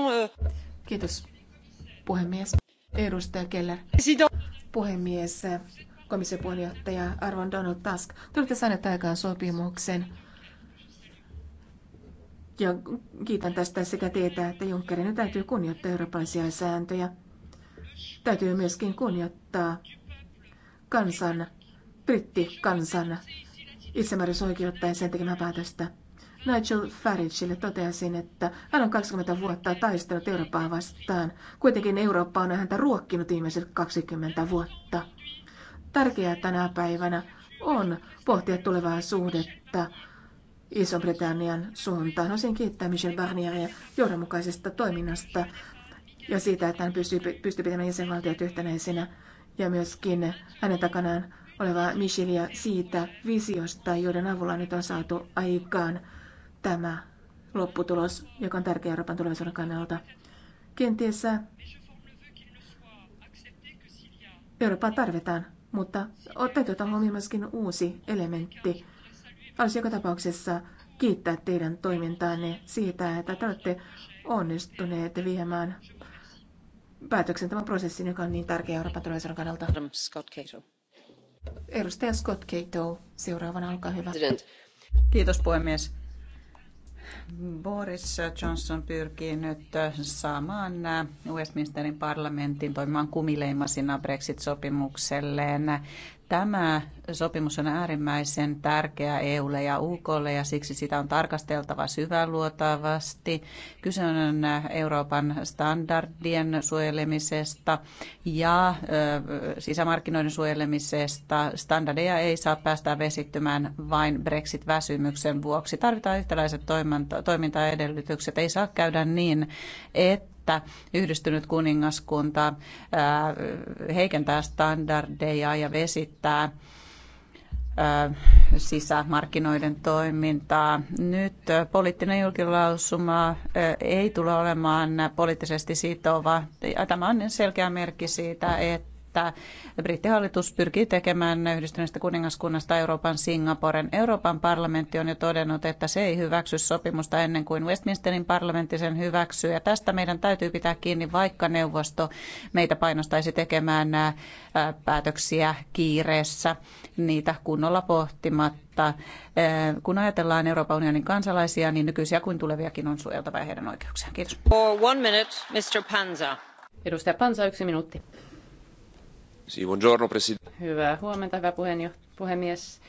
Kiitos Puhemies. Edustaja Keller. Puhemies, komission puheenjohtaja Arvon Donald Tusk. Te olette saaneet aikaan sopimuksen. Ja kiitän tästä sekä teitä että Junckerin. Täytyy kunnioittaa eurooppalaisia sääntöjä. Täytyy myöskin kunnioittaa kansan, brittikansan itsemääräisoikeutta ja sen tekemää päätöstä. Nigel Farageille toteasin, että hän on 20 vuotta taistellut Eurooppaa vastaan. Kuitenkin Eurooppa on häntä ruokkinut viimeiset 20 vuotta. Tärkeää tänä päivänä on pohtia tulevaa suhdetta Iso-Britannian suuntaan. Osin kiittää Michel Barnieria johdonmukaisesta toiminnasta ja siitä, että hän pystyy, pystyy pitämään jäsenvaltiot yhtenäisenä ja myöskin hänen takanaan olevaa Michelia siitä visiosta, joiden avulla nyt on saatu aikaan tämä lopputulos, joka on tärkeä Euroopan tulevaisuuden kannalta. Kenties äh, Eurooppaa tarvitaan, mutta täytyy ottaa tuota huomioon myöskin uusi elementti. Haluaisin joka tapauksessa kiittää teidän toimintaanne siitä, että te olette onnistuneet viemään päätöksen tämän prosessin, joka on niin tärkeä Euroopan tulevaisuuden kannalta. Scott Cato. Edustaja Scott Cato, seuraavana olkaa hyvä. Kiitos puhemies Boris Johnson pyrkii nyt saamaan Westminsterin parlamentin toimimaan kumileimasina Brexit-sopimukselleen. Tämä sopimus on äärimmäisen tärkeä EUlle ja UKlle ja siksi sitä on tarkasteltava syväluotavasti. Kyse on Euroopan standardien suojelemisesta ja sisämarkkinoiden suojelemisesta. Standardeja ei saa päästä vesittymään vain Brexit-väsymyksen vuoksi. Tarvitaan yhtäläiset toimintaedellytykset. Ei saa käydä niin, että että yhdistynyt kuningaskunta heikentää standardeja ja vesittää sisämarkkinoiden toimintaa. Nyt poliittinen julkilausuma ei tule olemaan poliittisesti sitova. Tämä on selkeä merkki siitä, että että brittihallitus pyrkii tekemään yhdistyneestä kuningaskunnasta Euroopan Singaporen. Euroopan parlamentti on jo todennut, että se ei hyväksy sopimusta ennen kuin Westminsterin parlamentti sen hyväksyy. Ja tästä meidän täytyy pitää kiinni, vaikka neuvosto meitä painostaisi tekemään päätöksiä kiireessä niitä kunnolla pohtimatta. Kun ajatellaan Euroopan unionin kansalaisia, niin nykyisiä kuin tuleviakin on suojeltava heidän oikeuksiaan. Kiitos. For one minute, Mr. Panza. Edustaja Panza yksi minuutti. Hyvää huomenta, hyvä puhemies.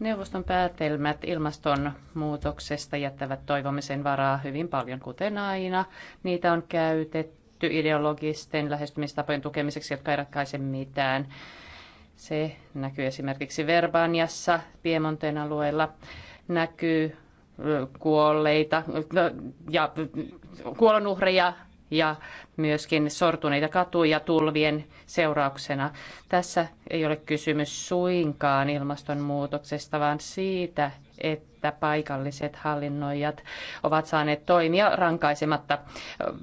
Neuvoston päätelmät ilmastonmuutoksesta jättävät toivomisen varaa hyvin paljon, kuten aina. Niitä on käytetty ideologisten lähestymistapojen tukemiseksi, jotka eivät ratkaise mitään. Se näkyy esimerkiksi Verbaniassa, Piemonteen alueella, näkyy kuolleita no, ja kuolonuhreja ja myöskin sortuneita katuja tulvien seurauksena. Tässä ei ole kysymys suinkaan ilmastonmuutoksesta, vaan siitä, että paikalliset hallinnoijat ovat saaneet toimia rankaisematta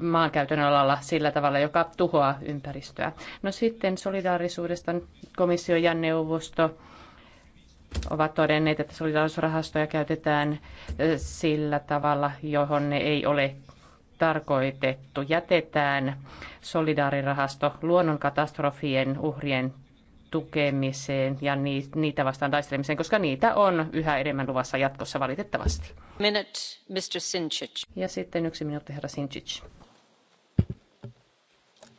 maankäytön alalla sillä tavalla, joka tuhoaa ympäristöä. No sitten solidaarisuudesta komissio ja neuvosto ovat todenneet, että solidaarisuusrahastoja käytetään sillä tavalla, johon ne ei ole tarkoitettu. Jätetään solidaarirahasto luonnonkatastrofien uhrien tukemiseen ja niitä vastaan taistelemiseen, koska niitä on yhä enemmän luvassa jatkossa valitettavasti. Minute, Mr. Sinčić. Ja sitten yksi minuutti, herra Sinčić.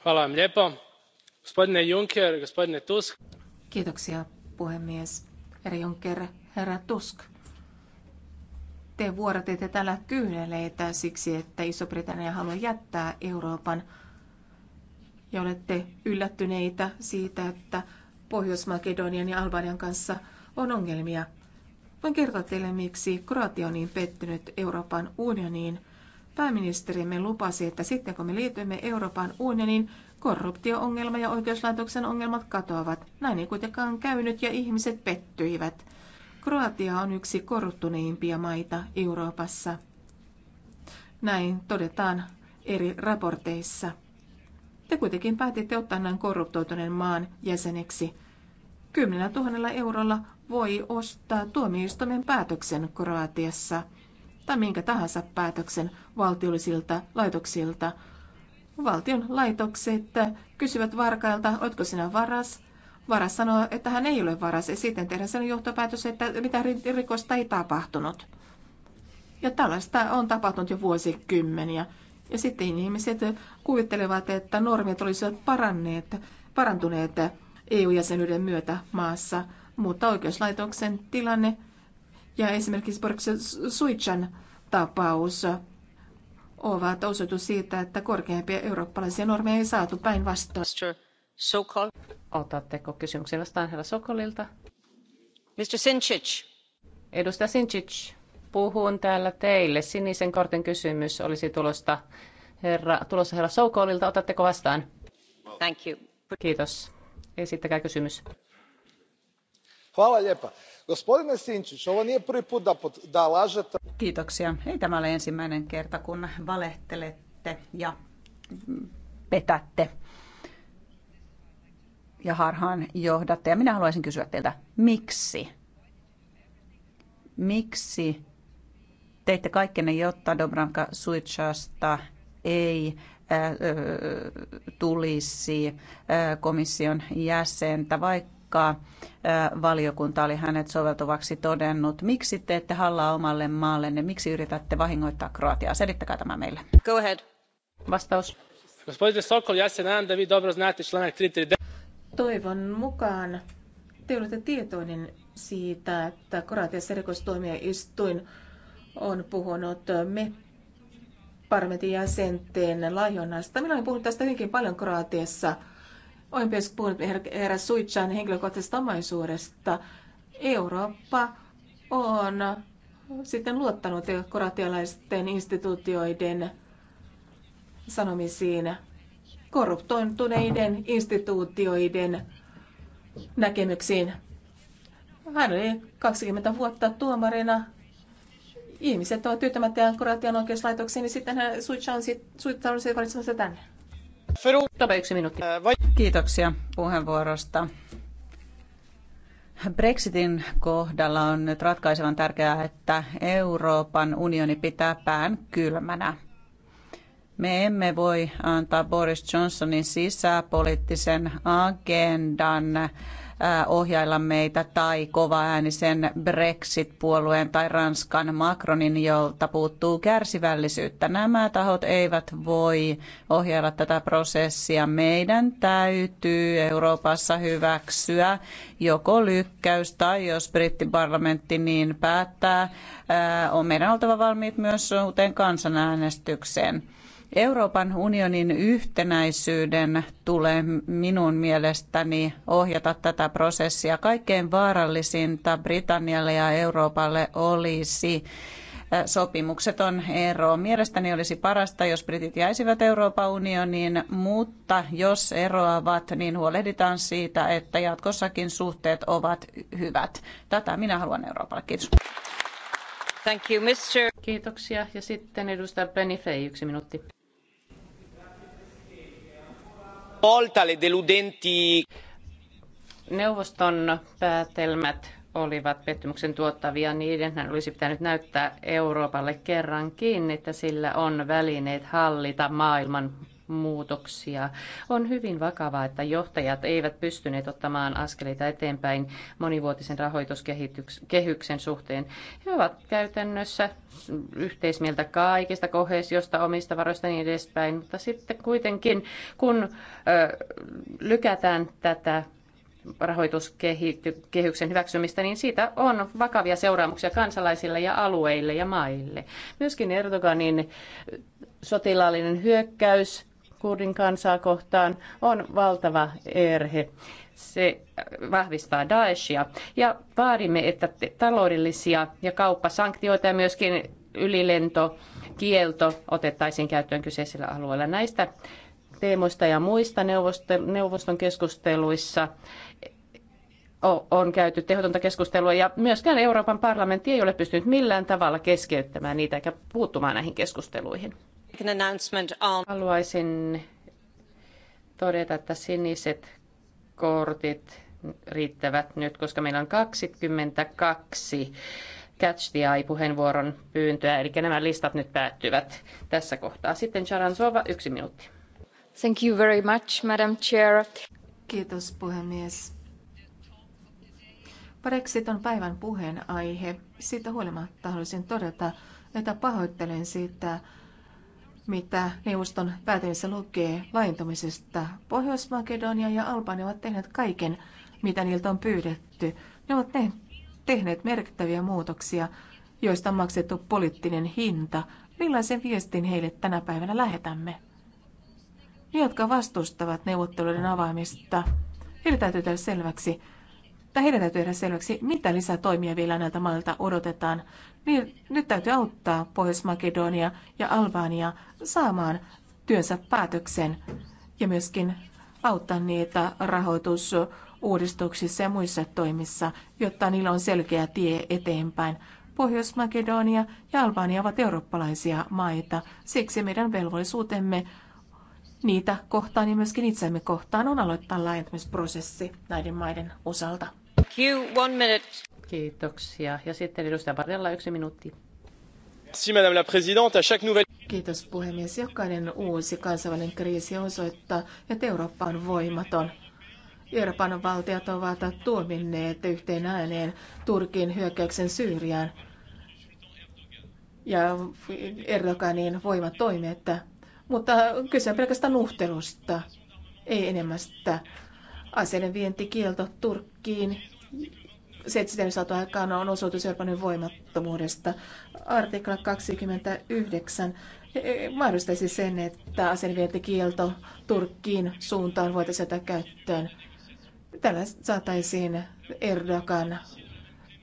Hvala Tusk. Kiitoksia, puhemies. Herra Juncker, herra Tusk. Te vuoratette tällä kyyneleitä siksi, että Iso-Britannia haluaa jättää Euroopan. Ja olette yllättyneitä siitä, että Pohjois-Makedonian ja Albanian kanssa on ongelmia. Voin kertoa teille, miksi Kroatia on niin pettynyt Euroopan unioniin. Pääministerimme lupasi, että sitten kun me liitymme Euroopan unioniin, korruptioongelma ja oikeuslaitoksen ongelmat katoavat. Näin ei kuitenkaan käynyt ja ihmiset pettyivät. Kroatia on yksi korruptuneimpia maita Euroopassa. Näin todetaan eri raporteissa. Te kuitenkin päätitte ottaa näin korruptoituneen maan jäseneksi. Kymmenellä tuhannella eurolla voi ostaa tuomioistuimen päätöksen Kroatiassa tai minkä tahansa päätöksen valtiollisilta laitoksilta. Valtion laitokset kysyvät varkailta, oletko sinä varas, varas sanoo, että hän ei ole varas ja sitten tehdään sellainen johtopäätös, että mitä rikosta ei tapahtunut. Ja tällaista on tapahtunut jo vuosikymmeniä. Ja sitten ihmiset kuvittelevat, että normit olisivat paranneet, parantuneet EU-jäsenyyden myötä maassa, mutta oikeuslaitoksen tilanne ja esimerkiksi Suitsan tapaus ovat osoitus siitä, että korkeampia eurooppalaisia normeja ei saatu päinvastoin. Sokol. Otatteko kysymyksen vastaan herra Sokolilta? Mr. Sinčić. Edustaja Sinčić, puhun täällä teille. Sinisen kortin kysymys olisi tulosta herra, tulossa herra Sokolilta. Otatteko vastaan? Thank you. Kiitos. Esittäkää kysymys. Sinčić, Kiitoksia. Ei tämä ole ensimmäinen kerta, kun valehtelette ja petätte ja harhaan johdatte. Ja minä haluaisin kysyä teiltä, miksi? Miksi teitte kaikkenne, jotta Dobranka Suitsasta ei äh, tulisi äh, komission jäsentä, vaikka äh, valiokunta oli hänet soveltuvaksi todennut. Miksi te ette hallaa omalle maallenne? Miksi yritätte vahingoittaa Kroatiaa? Selittäkää tämä meille. Go ahead. Vastaus. Gospodine Sokol, ja se nadam da vi dobro znate članak Toivon mukaan te olette tietoinen siitä, että Kroatiassa rikostuomioistuin on puhunut me parlamentin jäsenten lahjonnasta. Minä olen puhunut tästä hyvinkin paljon Kroatiassa. Olen myös puhunut herra Suitsan henkilökohtaisesta omaisuudesta. Eurooppa on sitten luottanut kroatialaisten instituutioiden sanomisiin korruptoituneiden instituutioiden näkemyksiin. Hän oli 20 vuotta tuomarina. Ihmiset ovat tyytymättä Kroatian oikeuslaitokseen, niin sitten hän suitsaulisi valitsemassa tänne. Tämä yksi minuutti. Kiitoksia puheenvuorosta. Brexitin kohdalla on nyt ratkaisevan tärkeää, että Euroopan unioni pitää pään kylmänä. Me emme voi antaa Boris Johnsonin sisäpoliittisen agendan äh, ohjailla meitä tai kovaäänisen Brexit-puolueen tai Ranskan Macronin, jolta puuttuu kärsivällisyyttä. Nämä tahot eivät voi ohjailla tätä prosessia. Meidän täytyy Euroopassa hyväksyä joko lykkäys tai jos brittiparlamentti niin päättää, äh, on meidän oltava valmiit myös uuteen kansanäänestykseen. Euroopan unionin yhtenäisyyden tulee minun mielestäni ohjata tätä prosessia. Kaikkein vaarallisinta Britannialle ja Euroopalle olisi äh, sopimukseton ero. Mielestäni olisi parasta, jos britit jäisivät Euroopan unioniin, mutta jos eroavat, niin huolehditaan siitä, että jatkossakin suhteet ovat hyvät. Tätä minä haluan Euroopalle. Kiitos. Thank you, Mr. Kiitoksia. Ja sitten edustaja Benifei, yksi minuutti. Neuvoston päätelmät olivat pettymyksen tuottavia, niidenhän olisi pitänyt näyttää Euroopalle kerrankin, että sillä on välineet hallita maailman muutoksia. On hyvin vakavaa, että johtajat eivät pystyneet ottamaan askeleita eteenpäin monivuotisen rahoituskehyksen suhteen. He ovat käytännössä yhteismieltä kaikista kohesiosta, omista varoista ja niin edespäin, mutta sitten kuitenkin, kun lykätään tätä rahoituskehyksen hyväksymistä, niin siitä on vakavia seuraamuksia kansalaisille ja alueille ja maille. Myöskin Erdoganin sotilaallinen hyökkäys kurdin kansaa kohtaan on valtava erhe. Se vahvistaa Daeshia ja vaadimme, että taloudellisia ja kauppasanktioita ja myöskin ylilento, kielto otettaisiin käyttöön kyseisellä alueella. Näistä teemoista ja muista neuvoston keskusteluissa on käyty tehotonta keskustelua ja myöskään Euroopan parlamentti ei ole pystynyt millään tavalla keskeyttämään niitä eikä puuttumaan näihin keskusteluihin. Haluaisin todeta, että siniset kortit riittävät nyt, koska meillä on 22 Catch the Eye-puheenvuoron pyyntöä, eli nämä listat nyt päättyvät tässä kohtaa. Sitten Charan Sova, yksi minuutti. Thank you very much, Madam Chair. Kiitos puhemies. Brexit on päivän puheenaihe. Siitä huolimatta haluaisin todeta, että pahoittelen siitä, mitä neuvoston päätelmissä lukee laajentumisesta. Pohjois-Makedonia ja Albania ovat tehneet kaiken, mitä niiltä on pyydetty. Ne ovat ne, tehneet merkittäviä muutoksia, joista on maksettu poliittinen hinta. Millaisen viestin heille tänä päivänä lähetämme? Ne, jotka vastustavat neuvotteluiden avaamista, heille täytyy tehdä selväksi, että heidän täytyy tehdä selväksi, mitä lisää toimia vielä näiltä mailta odotetaan. Niin, nyt täytyy auttaa Pohjois-Makedonia ja Albania saamaan työnsä päätöksen ja myöskin auttaa niitä rahoitusuudistuksissa ja muissa toimissa, jotta niillä on selkeä tie eteenpäin. Pohjois-Makedonia ja Albania ovat eurooppalaisia maita, siksi meidän velvollisuutemme niitä kohtaan ja myöskin itsemme kohtaan on aloittaa laajentamisprosessi näiden maiden osalta. Kiitoksia. Ja sitten edustaja Barrella, yksi minuutti. Kiitos puhemies. Jokainen uusi kansainvälinen kriisi osoittaa, että Eurooppa on voimaton. Euroopan valtiot ovat tuominneet yhteen ääneen Turkin hyökkäyksen Syyriään ja Erdoganin voimatoimet, mutta kyse on pelkästään nuhtelusta, ei enemmästä. Aseiden vientikielto Turkkiin se, aikaan, on osoitus Euroopan voimattomuudesta. Artikla 29 mahdollistaisi sen, että asevientikielto Turkkiin suuntaan voitaisiin ottaa käyttöön. Tällä saataisiin Erdogan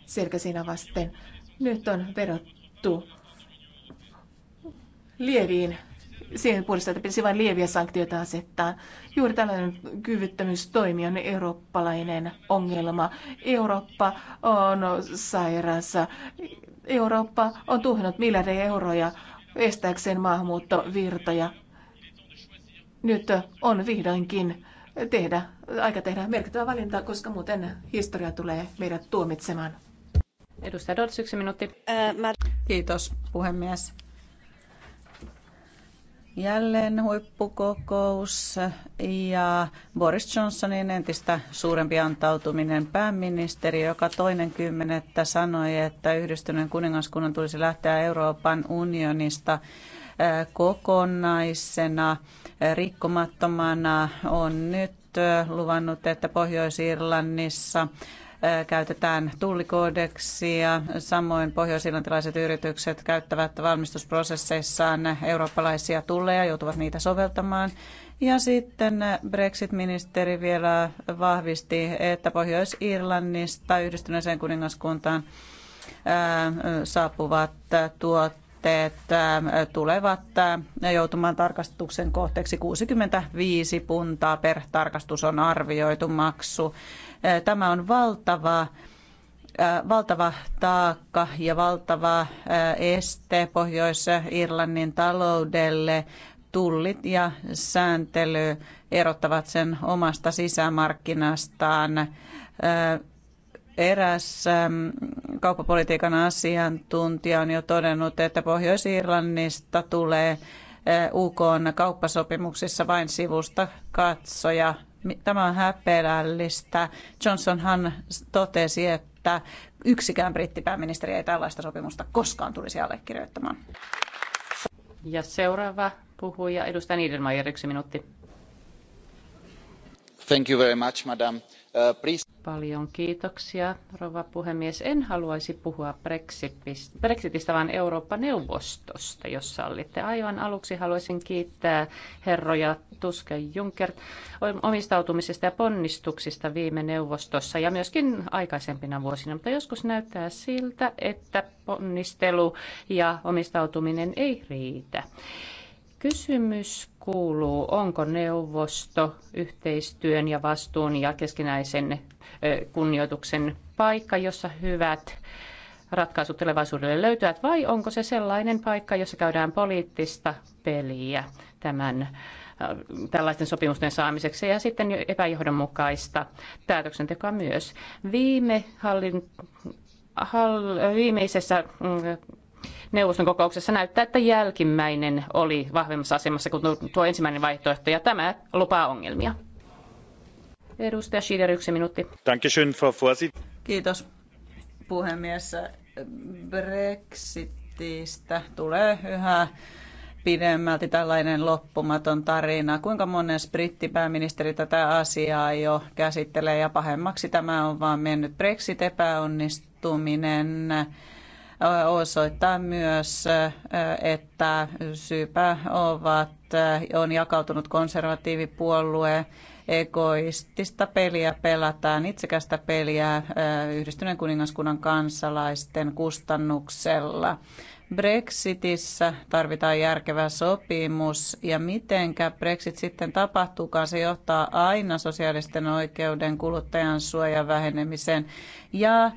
selkäsinä vasten. Nyt on verottu lieviin siihen puolesta, että pitäisi vain lieviä sanktioita asettaa. Juuri tällainen kyvyttömyystoimi on eurooppalainen ongelma. Eurooppa on sairaassa. Eurooppa on tuhnut miljardeja euroja estääkseen maahanmuuttovirtoja. Nyt on vihdoinkin tehdä, aika tehdä merkittävä valinta, koska muuten historia tulee meidät tuomitsemaan. Edustaja Dodds, yksi minuutti. Kiitos puhemies jälleen huippukokous ja Boris Johnsonin entistä suurempi antautuminen pääministeri, joka toinen kymmenettä sanoi, että yhdistyneen kuningaskunnan tulisi lähteä Euroopan unionista eh, kokonaisena, eh, rikkomattomana on nyt eh, luvannut, että Pohjois-Irlannissa käytetään tullikoodeksia. Samoin pohjoisillantilaiset yritykset käyttävät valmistusprosesseissaan eurooppalaisia tulleja, joutuvat niitä soveltamaan. Ja sitten Brexit-ministeri vielä vahvisti, että Pohjois-Irlannista yhdistyneeseen kuningaskuntaan saapuvat tuot tuotteet tulevat joutumaan tarkastuksen kohteeksi 65 puntaa per tarkastus on arvioitu maksu. Tämä on valtava valtava taakka ja valtava este Pohjois-Irlannin taloudelle. Tullit ja sääntely erottavat sen omasta sisämarkkinastaan Eräs kauppapolitiikan asiantuntija on jo todennut, että Pohjois-Irlannista tulee UK kauppasopimuksissa vain sivusta katsoja. Tämä on häpeällistä. Johnsonhan totesi, että yksikään brittipääministeri ei tällaista sopimusta koskaan tulisi allekirjoittamaan. Ja seuraava puhuja, edustaja Niedermayer, yksi minuutti. Thank you very much, madam. Paljon kiitoksia, rouva puhemies. En haluaisi puhua Brexitistä, vaan Eurooppa-neuvostosta, jos sallitte. Aivan aluksi haluaisin kiittää herroja Tuske Juncker omistautumisesta ja ponnistuksista viime neuvostossa ja myöskin aikaisempina vuosina. Mutta joskus näyttää siltä, että ponnistelu ja omistautuminen ei riitä. Kysymys kuuluu, onko neuvosto yhteistyön ja vastuun ja keskinäisen kunnioituksen paikka, jossa hyvät ratkaisut tulevaisuudelle löytyvät, vai onko se sellainen paikka, jossa käydään poliittista peliä tämän tällaisten sopimusten saamiseksi ja sitten epäjohdonmukaista päätöksentekoa myös. Viime hallin, hall, viimeisessä mm, neuvoston kokouksessa näyttää, että jälkimmäinen oli vahvemmassa asemassa kuin tuo ensimmäinen vaihtoehto, ja tämä lupaa ongelmia. Edustaja Schieder, yksi minuutti. Kiitos, puhemies. Brexitistä tulee yhä pidemmälti tällainen loppumaton tarina. Kuinka monen brittipääministeri tätä asiaa jo käsittelee ja pahemmaksi tämä on vaan mennyt Brexit-epäonnistuminen osoittaa myös, että syypä ovat, on jakautunut konservatiivipuolue, egoistista peliä pelataan, itsekästä peliä yhdistyneen kuningaskunnan kansalaisten kustannuksella. Brexitissä tarvitaan järkevä sopimus ja mitenkä Brexit sitten tapahtuukaan, se johtaa aina sosiaalisten oikeuden kuluttajan suojan vähenemiseen ja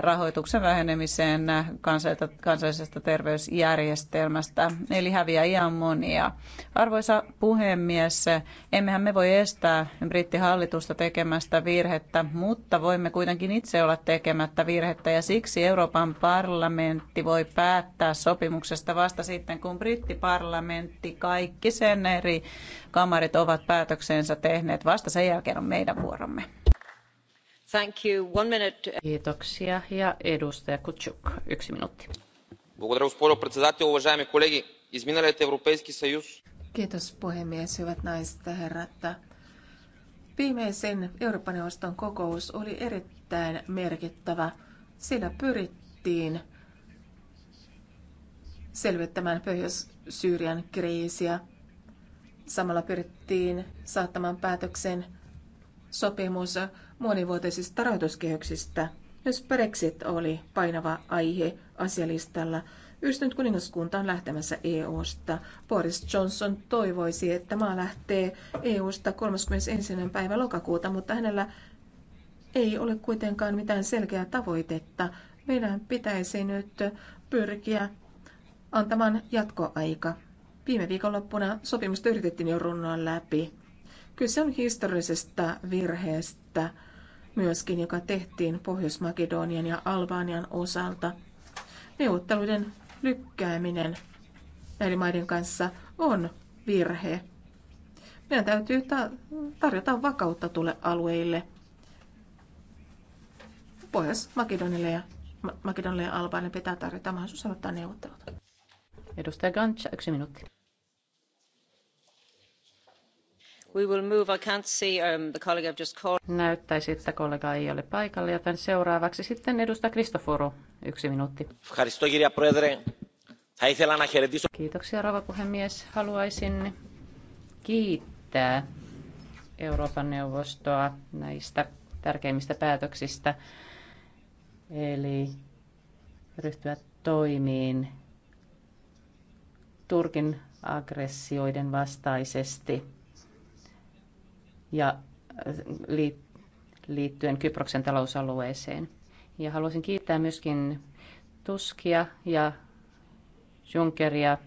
rahoituksen vähenemiseen kansallisesta terveysjärjestelmästä, eli häviää ihan monia. Arvoisa puhemies, emmehän me voi estää brittihallitusta tekemästä virhettä, mutta voimme kuitenkin itse olla tekemättä virhettä, ja siksi Euroopan parlamentti voi päättää sopimuksesta vasta sitten, kun brittiparlamentti kaikki sen eri kamarit ovat päätöksensä tehneet. Vasta sen jälkeen on meidän vuoromme. Kiitoksia. Ja edustaja Kutsuk, yksi minuutti. Благодаря, госпожо председател, уважаеми колеги. Изминалият Европейски съюз... Kiitos puhemies, hyvät naiset ja herrat. Viimeisen Euroopan neuvoston kokous oli erittäin merkittävä. Sillä pyrittiin selvittämään Pohjois-Syyrian kriisiä. Samalla pyrittiin saattamaan päätöksen sopimus monivuotisista rahoituskehyksistä. Myös Brexit oli painava aihe asialistalla. Yhdistynyt kuningaskunta on lähtemässä EU-sta. Boris Johnson toivoisi, että maa lähtee EU-sta 31. päivä lokakuuta, mutta hänellä ei ole kuitenkaan mitään selkeää tavoitetta. Meidän pitäisi nyt pyrkiä antamaan jatkoaika. Viime viikonloppuna sopimusta yritettiin jo runnoa läpi. Kyse on historiallisesta virheestä myöskin, joka tehtiin Pohjois-Makedonian ja Albanian osalta. Neuvotteluiden lykkääminen näiden maiden kanssa on virhe. Meidän täytyy tarjota vakautta tulle alueille, Pohjois-Makedonille ja Makedonille ja Albanialle pitää tarjota mahdollisuus aloittaa neuvottelut. Edustaja Gantsa, yksi minuutti. Näyttäisi, että kollega ei ole paikalla, joten seuraavaksi sitten edustaja Cristoforo yksi minuutti. Kiitoksia, rouva puhemies. Haluaisin kiittää Euroopan neuvostoa näistä tärkeimmistä päätöksistä, eli ryhtyä toimiin Turkin aggressioiden vastaisesti – ja äh, liittyen Kyproksen talousalueeseen. Ja haluaisin kiittää myöskin Tuskia ja Junckeria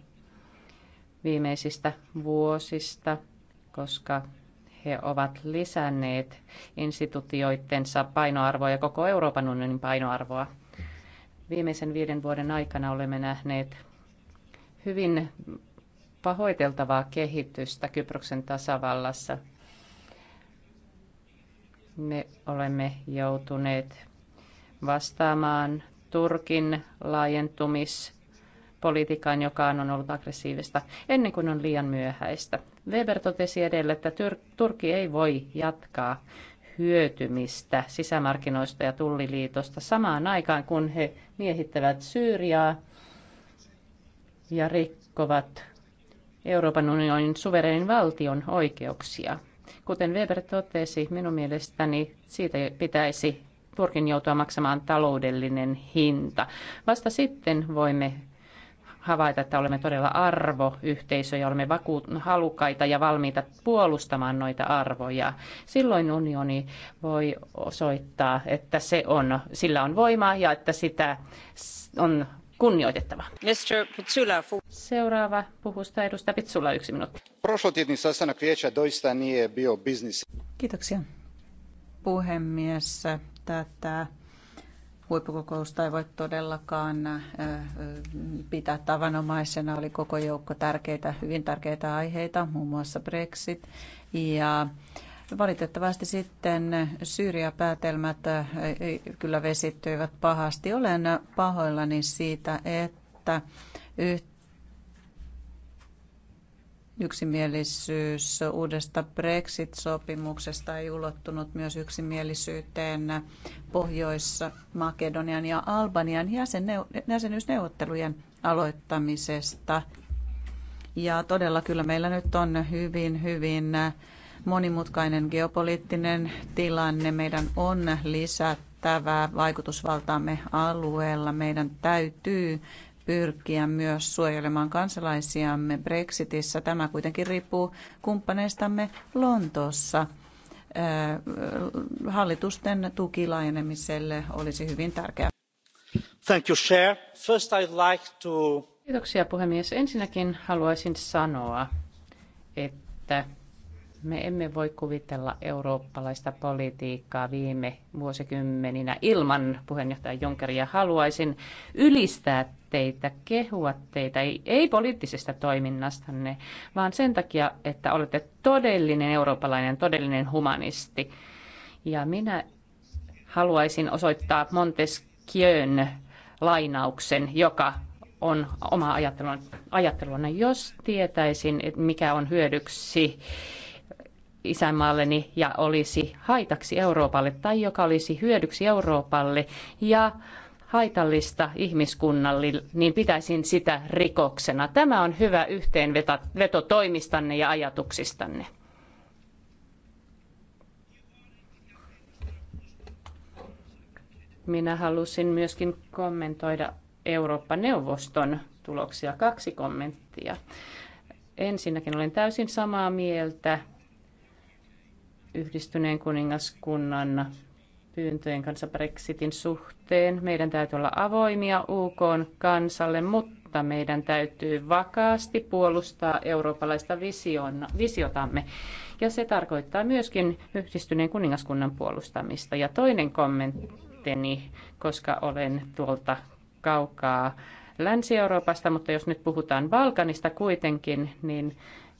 viimeisistä vuosista, koska he ovat lisänneet instituutioittensa painoarvoa ja koko Euroopan unionin painoarvoa. Viimeisen viiden vuoden aikana olemme nähneet hyvin pahoiteltavaa kehitystä Kyproksen tasavallassa – me olemme joutuneet vastaamaan Turkin laajentumispolitiikkaan, joka on ollut aggressiivista, ennen kuin on liian myöhäistä. Weber totesi edelleen, että Turkki ei voi jatkaa hyötymistä sisämarkkinoista ja tulliliitosta samaan aikaan, kun he miehittävät Syyriaa ja rikkovat Euroopan unionin suvereenin valtion oikeuksia. Kuten Weber totesi, minun mielestäni siitä pitäisi Turkin joutua maksamaan taloudellinen hinta. Vasta sitten voimme havaita, että olemme todella arvoyhteisö ja olemme vaku- halukkaita ja valmiita puolustamaan noita arvoja. Silloin unioni voi osoittaa, että se on, sillä on voimaa ja että sitä on kunnioitettava. Mr. Seuraava puhusta edustaja Pitsula, yksi minuutti. Prošlotjedni sastanak vijeća doista nije bio business. Kiitoksia puhemies. Tätä huippukokousta ei voi todellakaan pitää tavanomaisena. Oli koko joukko tärkeitä, hyvin tärkeitä aiheita, muun muassa Brexit ja Valitettavasti sitten syrjäpäätelmät kyllä vesittyivät pahasti. Olen pahoillani siitä, että yksimielisyys uudesta Brexit-sopimuksesta ei ulottunut myös yksimielisyyteen Pohjois-Makedonian ja Albanian jäsenyysneuvottelujen aloittamisesta. Ja todella kyllä meillä nyt on hyvin, hyvin monimutkainen geopoliittinen tilanne. Meidän on lisättävä vaikutusvaltaamme alueella. Meidän täytyy pyrkiä myös suojelemaan kansalaisiamme Brexitissä. Tämä kuitenkin riippuu kumppaneistamme Lontoossa. Äh, hallitusten tuki laajenemiselle olisi hyvin tärkeää. Thank you, Chair. First I'd like to... Kiitoksia puhemies. Ensinnäkin haluaisin sanoa, että me emme voi kuvitella eurooppalaista politiikkaa viime vuosikymmeninä ilman puheenjohtaja Junckeria. Haluaisin ylistää teitä, kehua teitä, ei, ei poliittisesta toiminnastanne, vaan sen takia, että olette todellinen eurooppalainen, todellinen humanisti. Ja minä haluaisin osoittaa Montesquieun lainauksen, joka on oma ajatteluna, ajatteluna jos tietäisin, mikä on hyödyksi isänmaalleni ja olisi haitaksi Euroopalle tai joka olisi hyödyksi Euroopalle ja haitallista ihmiskunnalle, niin pitäisin sitä rikoksena. Tämä on hyvä yhteenveto toimistanne ja ajatuksistanne. Minä halusin myöskin kommentoida Eurooppa-neuvoston tuloksia. Kaksi kommenttia. Ensinnäkin olen täysin samaa mieltä yhdistyneen kuningaskunnan pyyntöjen kanssa Brexitin suhteen. Meidän täytyy olla avoimia UK kansalle, mutta meidän täytyy vakaasti puolustaa eurooppalaista visiotamme. Ja se tarkoittaa myöskin yhdistyneen kuningaskunnan puolustamista. Ja toinen kommenttini, koska olen tuolta kaukaa Länsi-Euroopasta, mutta jos nyt puhutaan Balkanista kuitenkin, niin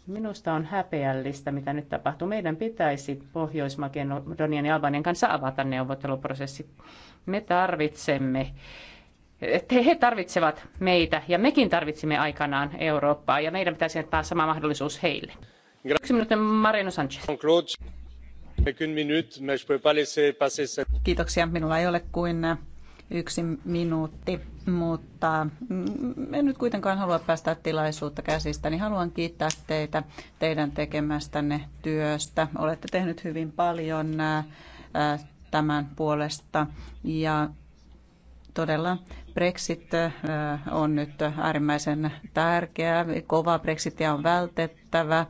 Minusta on häpeällistä, mitä nyt tapahtuu. Meidän pitäisi Pohjois-Makedonian ja Albanian kanssa avata neuvotteluprosessi. Me tarvitsemme, he tarvitsevat meitä ja mekin tarvitsimme aikanaan Eurooppaa ja meidän pitäisi antaa sama mahdollisuus heille. Yksi minuutin Marino Sanchez. Kiitoksia. Minulla ei ole kuin yksi minuutti, mutta mm, en nyt kuitenkaan halua päästä tilaisuutta käsistä, niin haluan kiittää teitä teidän tekemästänne työstä. Olette tehnyt hyvin paljon äh, äh, tämän puolesta ja todella Brexit äh, on nyt äärimmäisen tärkeä. Kova Brexitia on vältettävä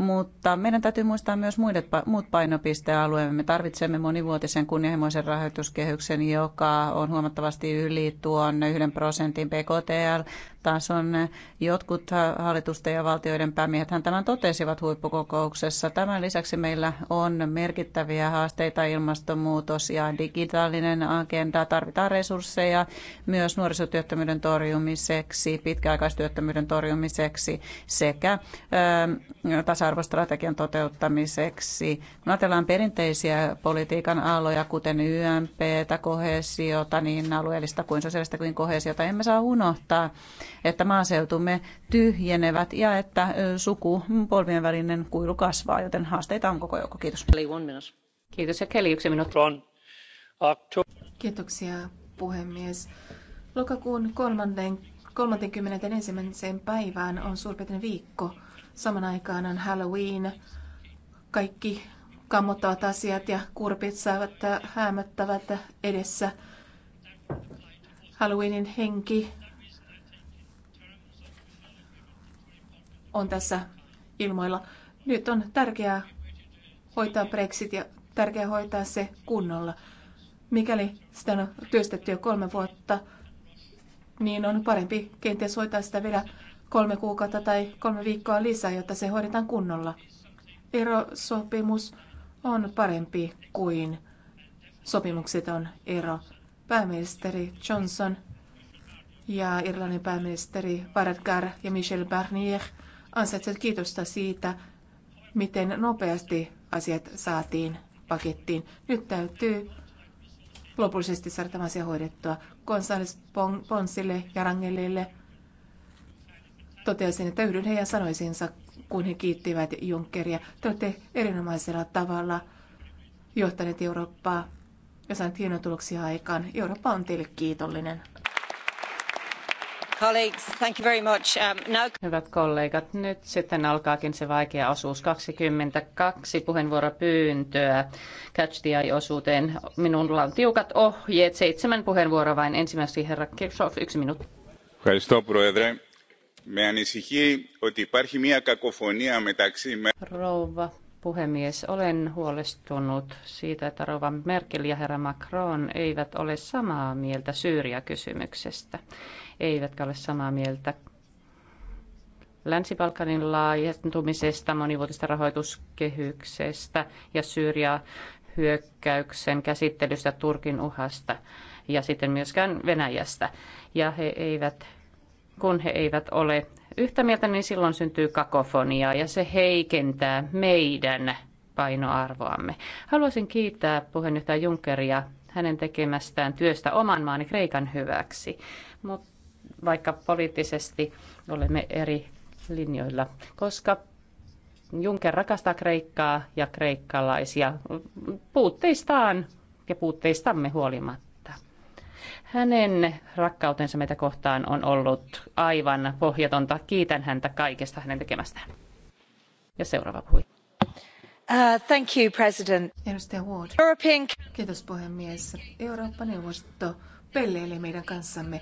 mutta meidän täytyy muistaa myös muidet, muut painopistealueemme. Me tarvitsemme monivuotisen kunnianhimoisen rahoituskehyksen, joka on huomattavasti yli tuon yhden prosentin PKTL on Jotkut hallitusten ja valtioiden hän tämän totesivat huippukokouksessa. Tämän lisäksi meillä on merkittäviä haasteita ilmastonmuutos ja digitaalinen agenda. Tarvitaan resursseja myös nuorisotyöttömyyden torjumiseksi, pitkäaikaistyöttömyyden torjumiseksi sekä tasa-arvostrategian toteuttamiseksi. Kun ajatellaan perinteisiä politiikan aloja, kuten YMP, kohesiota, niin alueellista kuin sosiaalista kuin kohesiota, emme saa unohtaa että maaseutumme tyhjenevät ja että sukupolvien välinen kuilu kasvaa, joten haasteita on koko joukko. Kiitos. Kiitos ja Kelly, yksi minuutti. Kiitoksia puhemies. Lokakuun 31. päivään on suurin viikko. Saman aikaan on Halloween. Kaikki kammottavat asiat ja kurpit saavat häämöttävät äh, edessä. Halloweenin henki on tässä ilmoilla. Nyt on tärkeää hoitaa Brexit ja tärkeää hoitaa se kunnolla. Mikäli sitä on työstetty jo kolme vuotta, niin on parempi kenties hoitaa sitä vielä kolme kuukautta tai kolme viikkoa lisää, jotta se hoidetaan kunnolla. Erosopimus on parempi kuin sopimukset on ero. Pääministeri Johnson ja Irlannin pääministeri Varadkar ja Michel Barnier – ansaitset kiitosta siitä, miten nopeasti asiat saatiin pakettiin. Nyt täytyy lopullisesti saada tämä asia hoidettua. Gonzales Ponsille ja Rangelille totesin, että yhdyn heidän sanoisiinsa, kun he kiittivät Junckeria. Te olette erinomaisella tavalla johtaneet Eurooppaa ja saaneet hienoja tuloksia aikaan. Eurooppa on teille kiitollinen. Um, Hyvät kollegat, nyt sitten alkaakin se vaikea osuus. 22 puheenvuoropyyntöä Catch the Eye-osuuteen. Minulla on tiukat ohjeet, seitsemän puheenvuoroa vain. Ensimmäiseksi herra Kirchhoff, yksi minuutti. Ευχαριστώ, Πρόεδρε. Με ανησυχεί ότι υπάρχει μια κακοφωνία μεταξύ... Rouva puhemies, olen huolestunut siitä, että rouva Merkel ja herra Macron eivät ole samaa mieltä Syyria-kysymyksestä eivätkä ole samaa mieltä. Länsi-Balkanin laajentumisesta, monivuotisesta rahoituskehyksestä ja Syyriaa hyökkäyksen käsittelystä Turkin uhasta ja sitten myöskään Venäjästä. Ja he eivät, kun he eivät ole yhtä mieltä, niin silloin syntyy kakofonia ja se heikentää meidän painoarvoamme. Haluaisin kiittää puheenjohtaja Junckeria hänen tekemästään työstä oman maani Kreikan hyväksi, mutta vaikka poliittisesti olemme eri linjoilla, koska Juncker rakastaa Kreikkaa ja kreikkalaisia puutteistaan ja puutteistamme huolimatta. Hänen rakkautensa meitä kohtaan on ollut aivan pohjatonta. Kiitän häntä kaikesta hänen tekemästään. Ja seuraava puhuja. Uh, thank you, President. Edustaja Ward. European... Kiitos puhemies. Eurooppa-neuvosto pelleilee meidän kanssamme.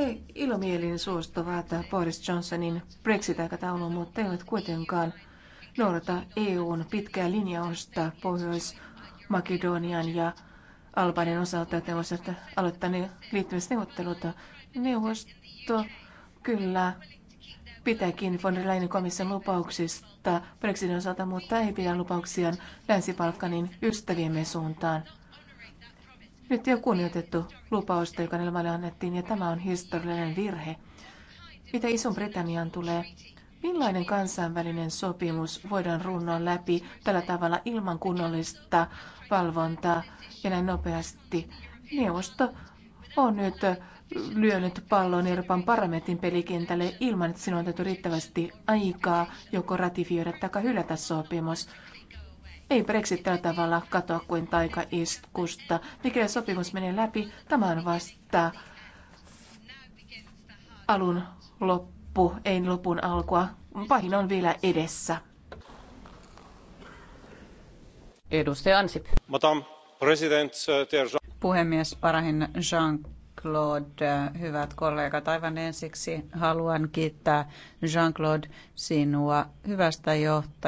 He ilomielin suostuvat Boris Johnsonin Brexit-aikatauluun, mutta eivät kuitenkaan noudata EUn pitkää linjausta Pohjois-Makedonian ja Albanian osalta, että ne olisivat aloittaneet liittymisneuvottelut. Neuvosto kyllä pitääkin von der Leyen komission lupauksista Brexitin osalta, mutta ei pidä lupauksiaan Länsi-Balkanin ystäviemme suuntaan. Nyt ei ole kunnioitettu lupausta, joka näille maille annettiin, ja tämä on historiallinen virhe. Mitä Ison britanniaan tulee, millainen kansainvälinen sopimus voidaan runnoa läpi tällä tavalla ilman kunnollista valvontaa ja näin nopeasti? Neuvosto on nyt lyönyt pallon Euroopan parlamentin pelikentälle ilman, että sinun on otettu riittävästi aikaa joko ratifioida tai hylätä sopimus. Ei Brexit tällä tavalla katoa kuin taikaiskusta. Mikäli sopimus menee läpi, tämä on vasta alun loppu, ei lopun alkua. Pahin on vielä edessä. Edustaja Ansip. Madame President, Puhemies, parahin Jean-Claude, hyvät kollegat, aivan ensiksi haluan kiittää Jean-Claude sinua hyvästä johtajasta.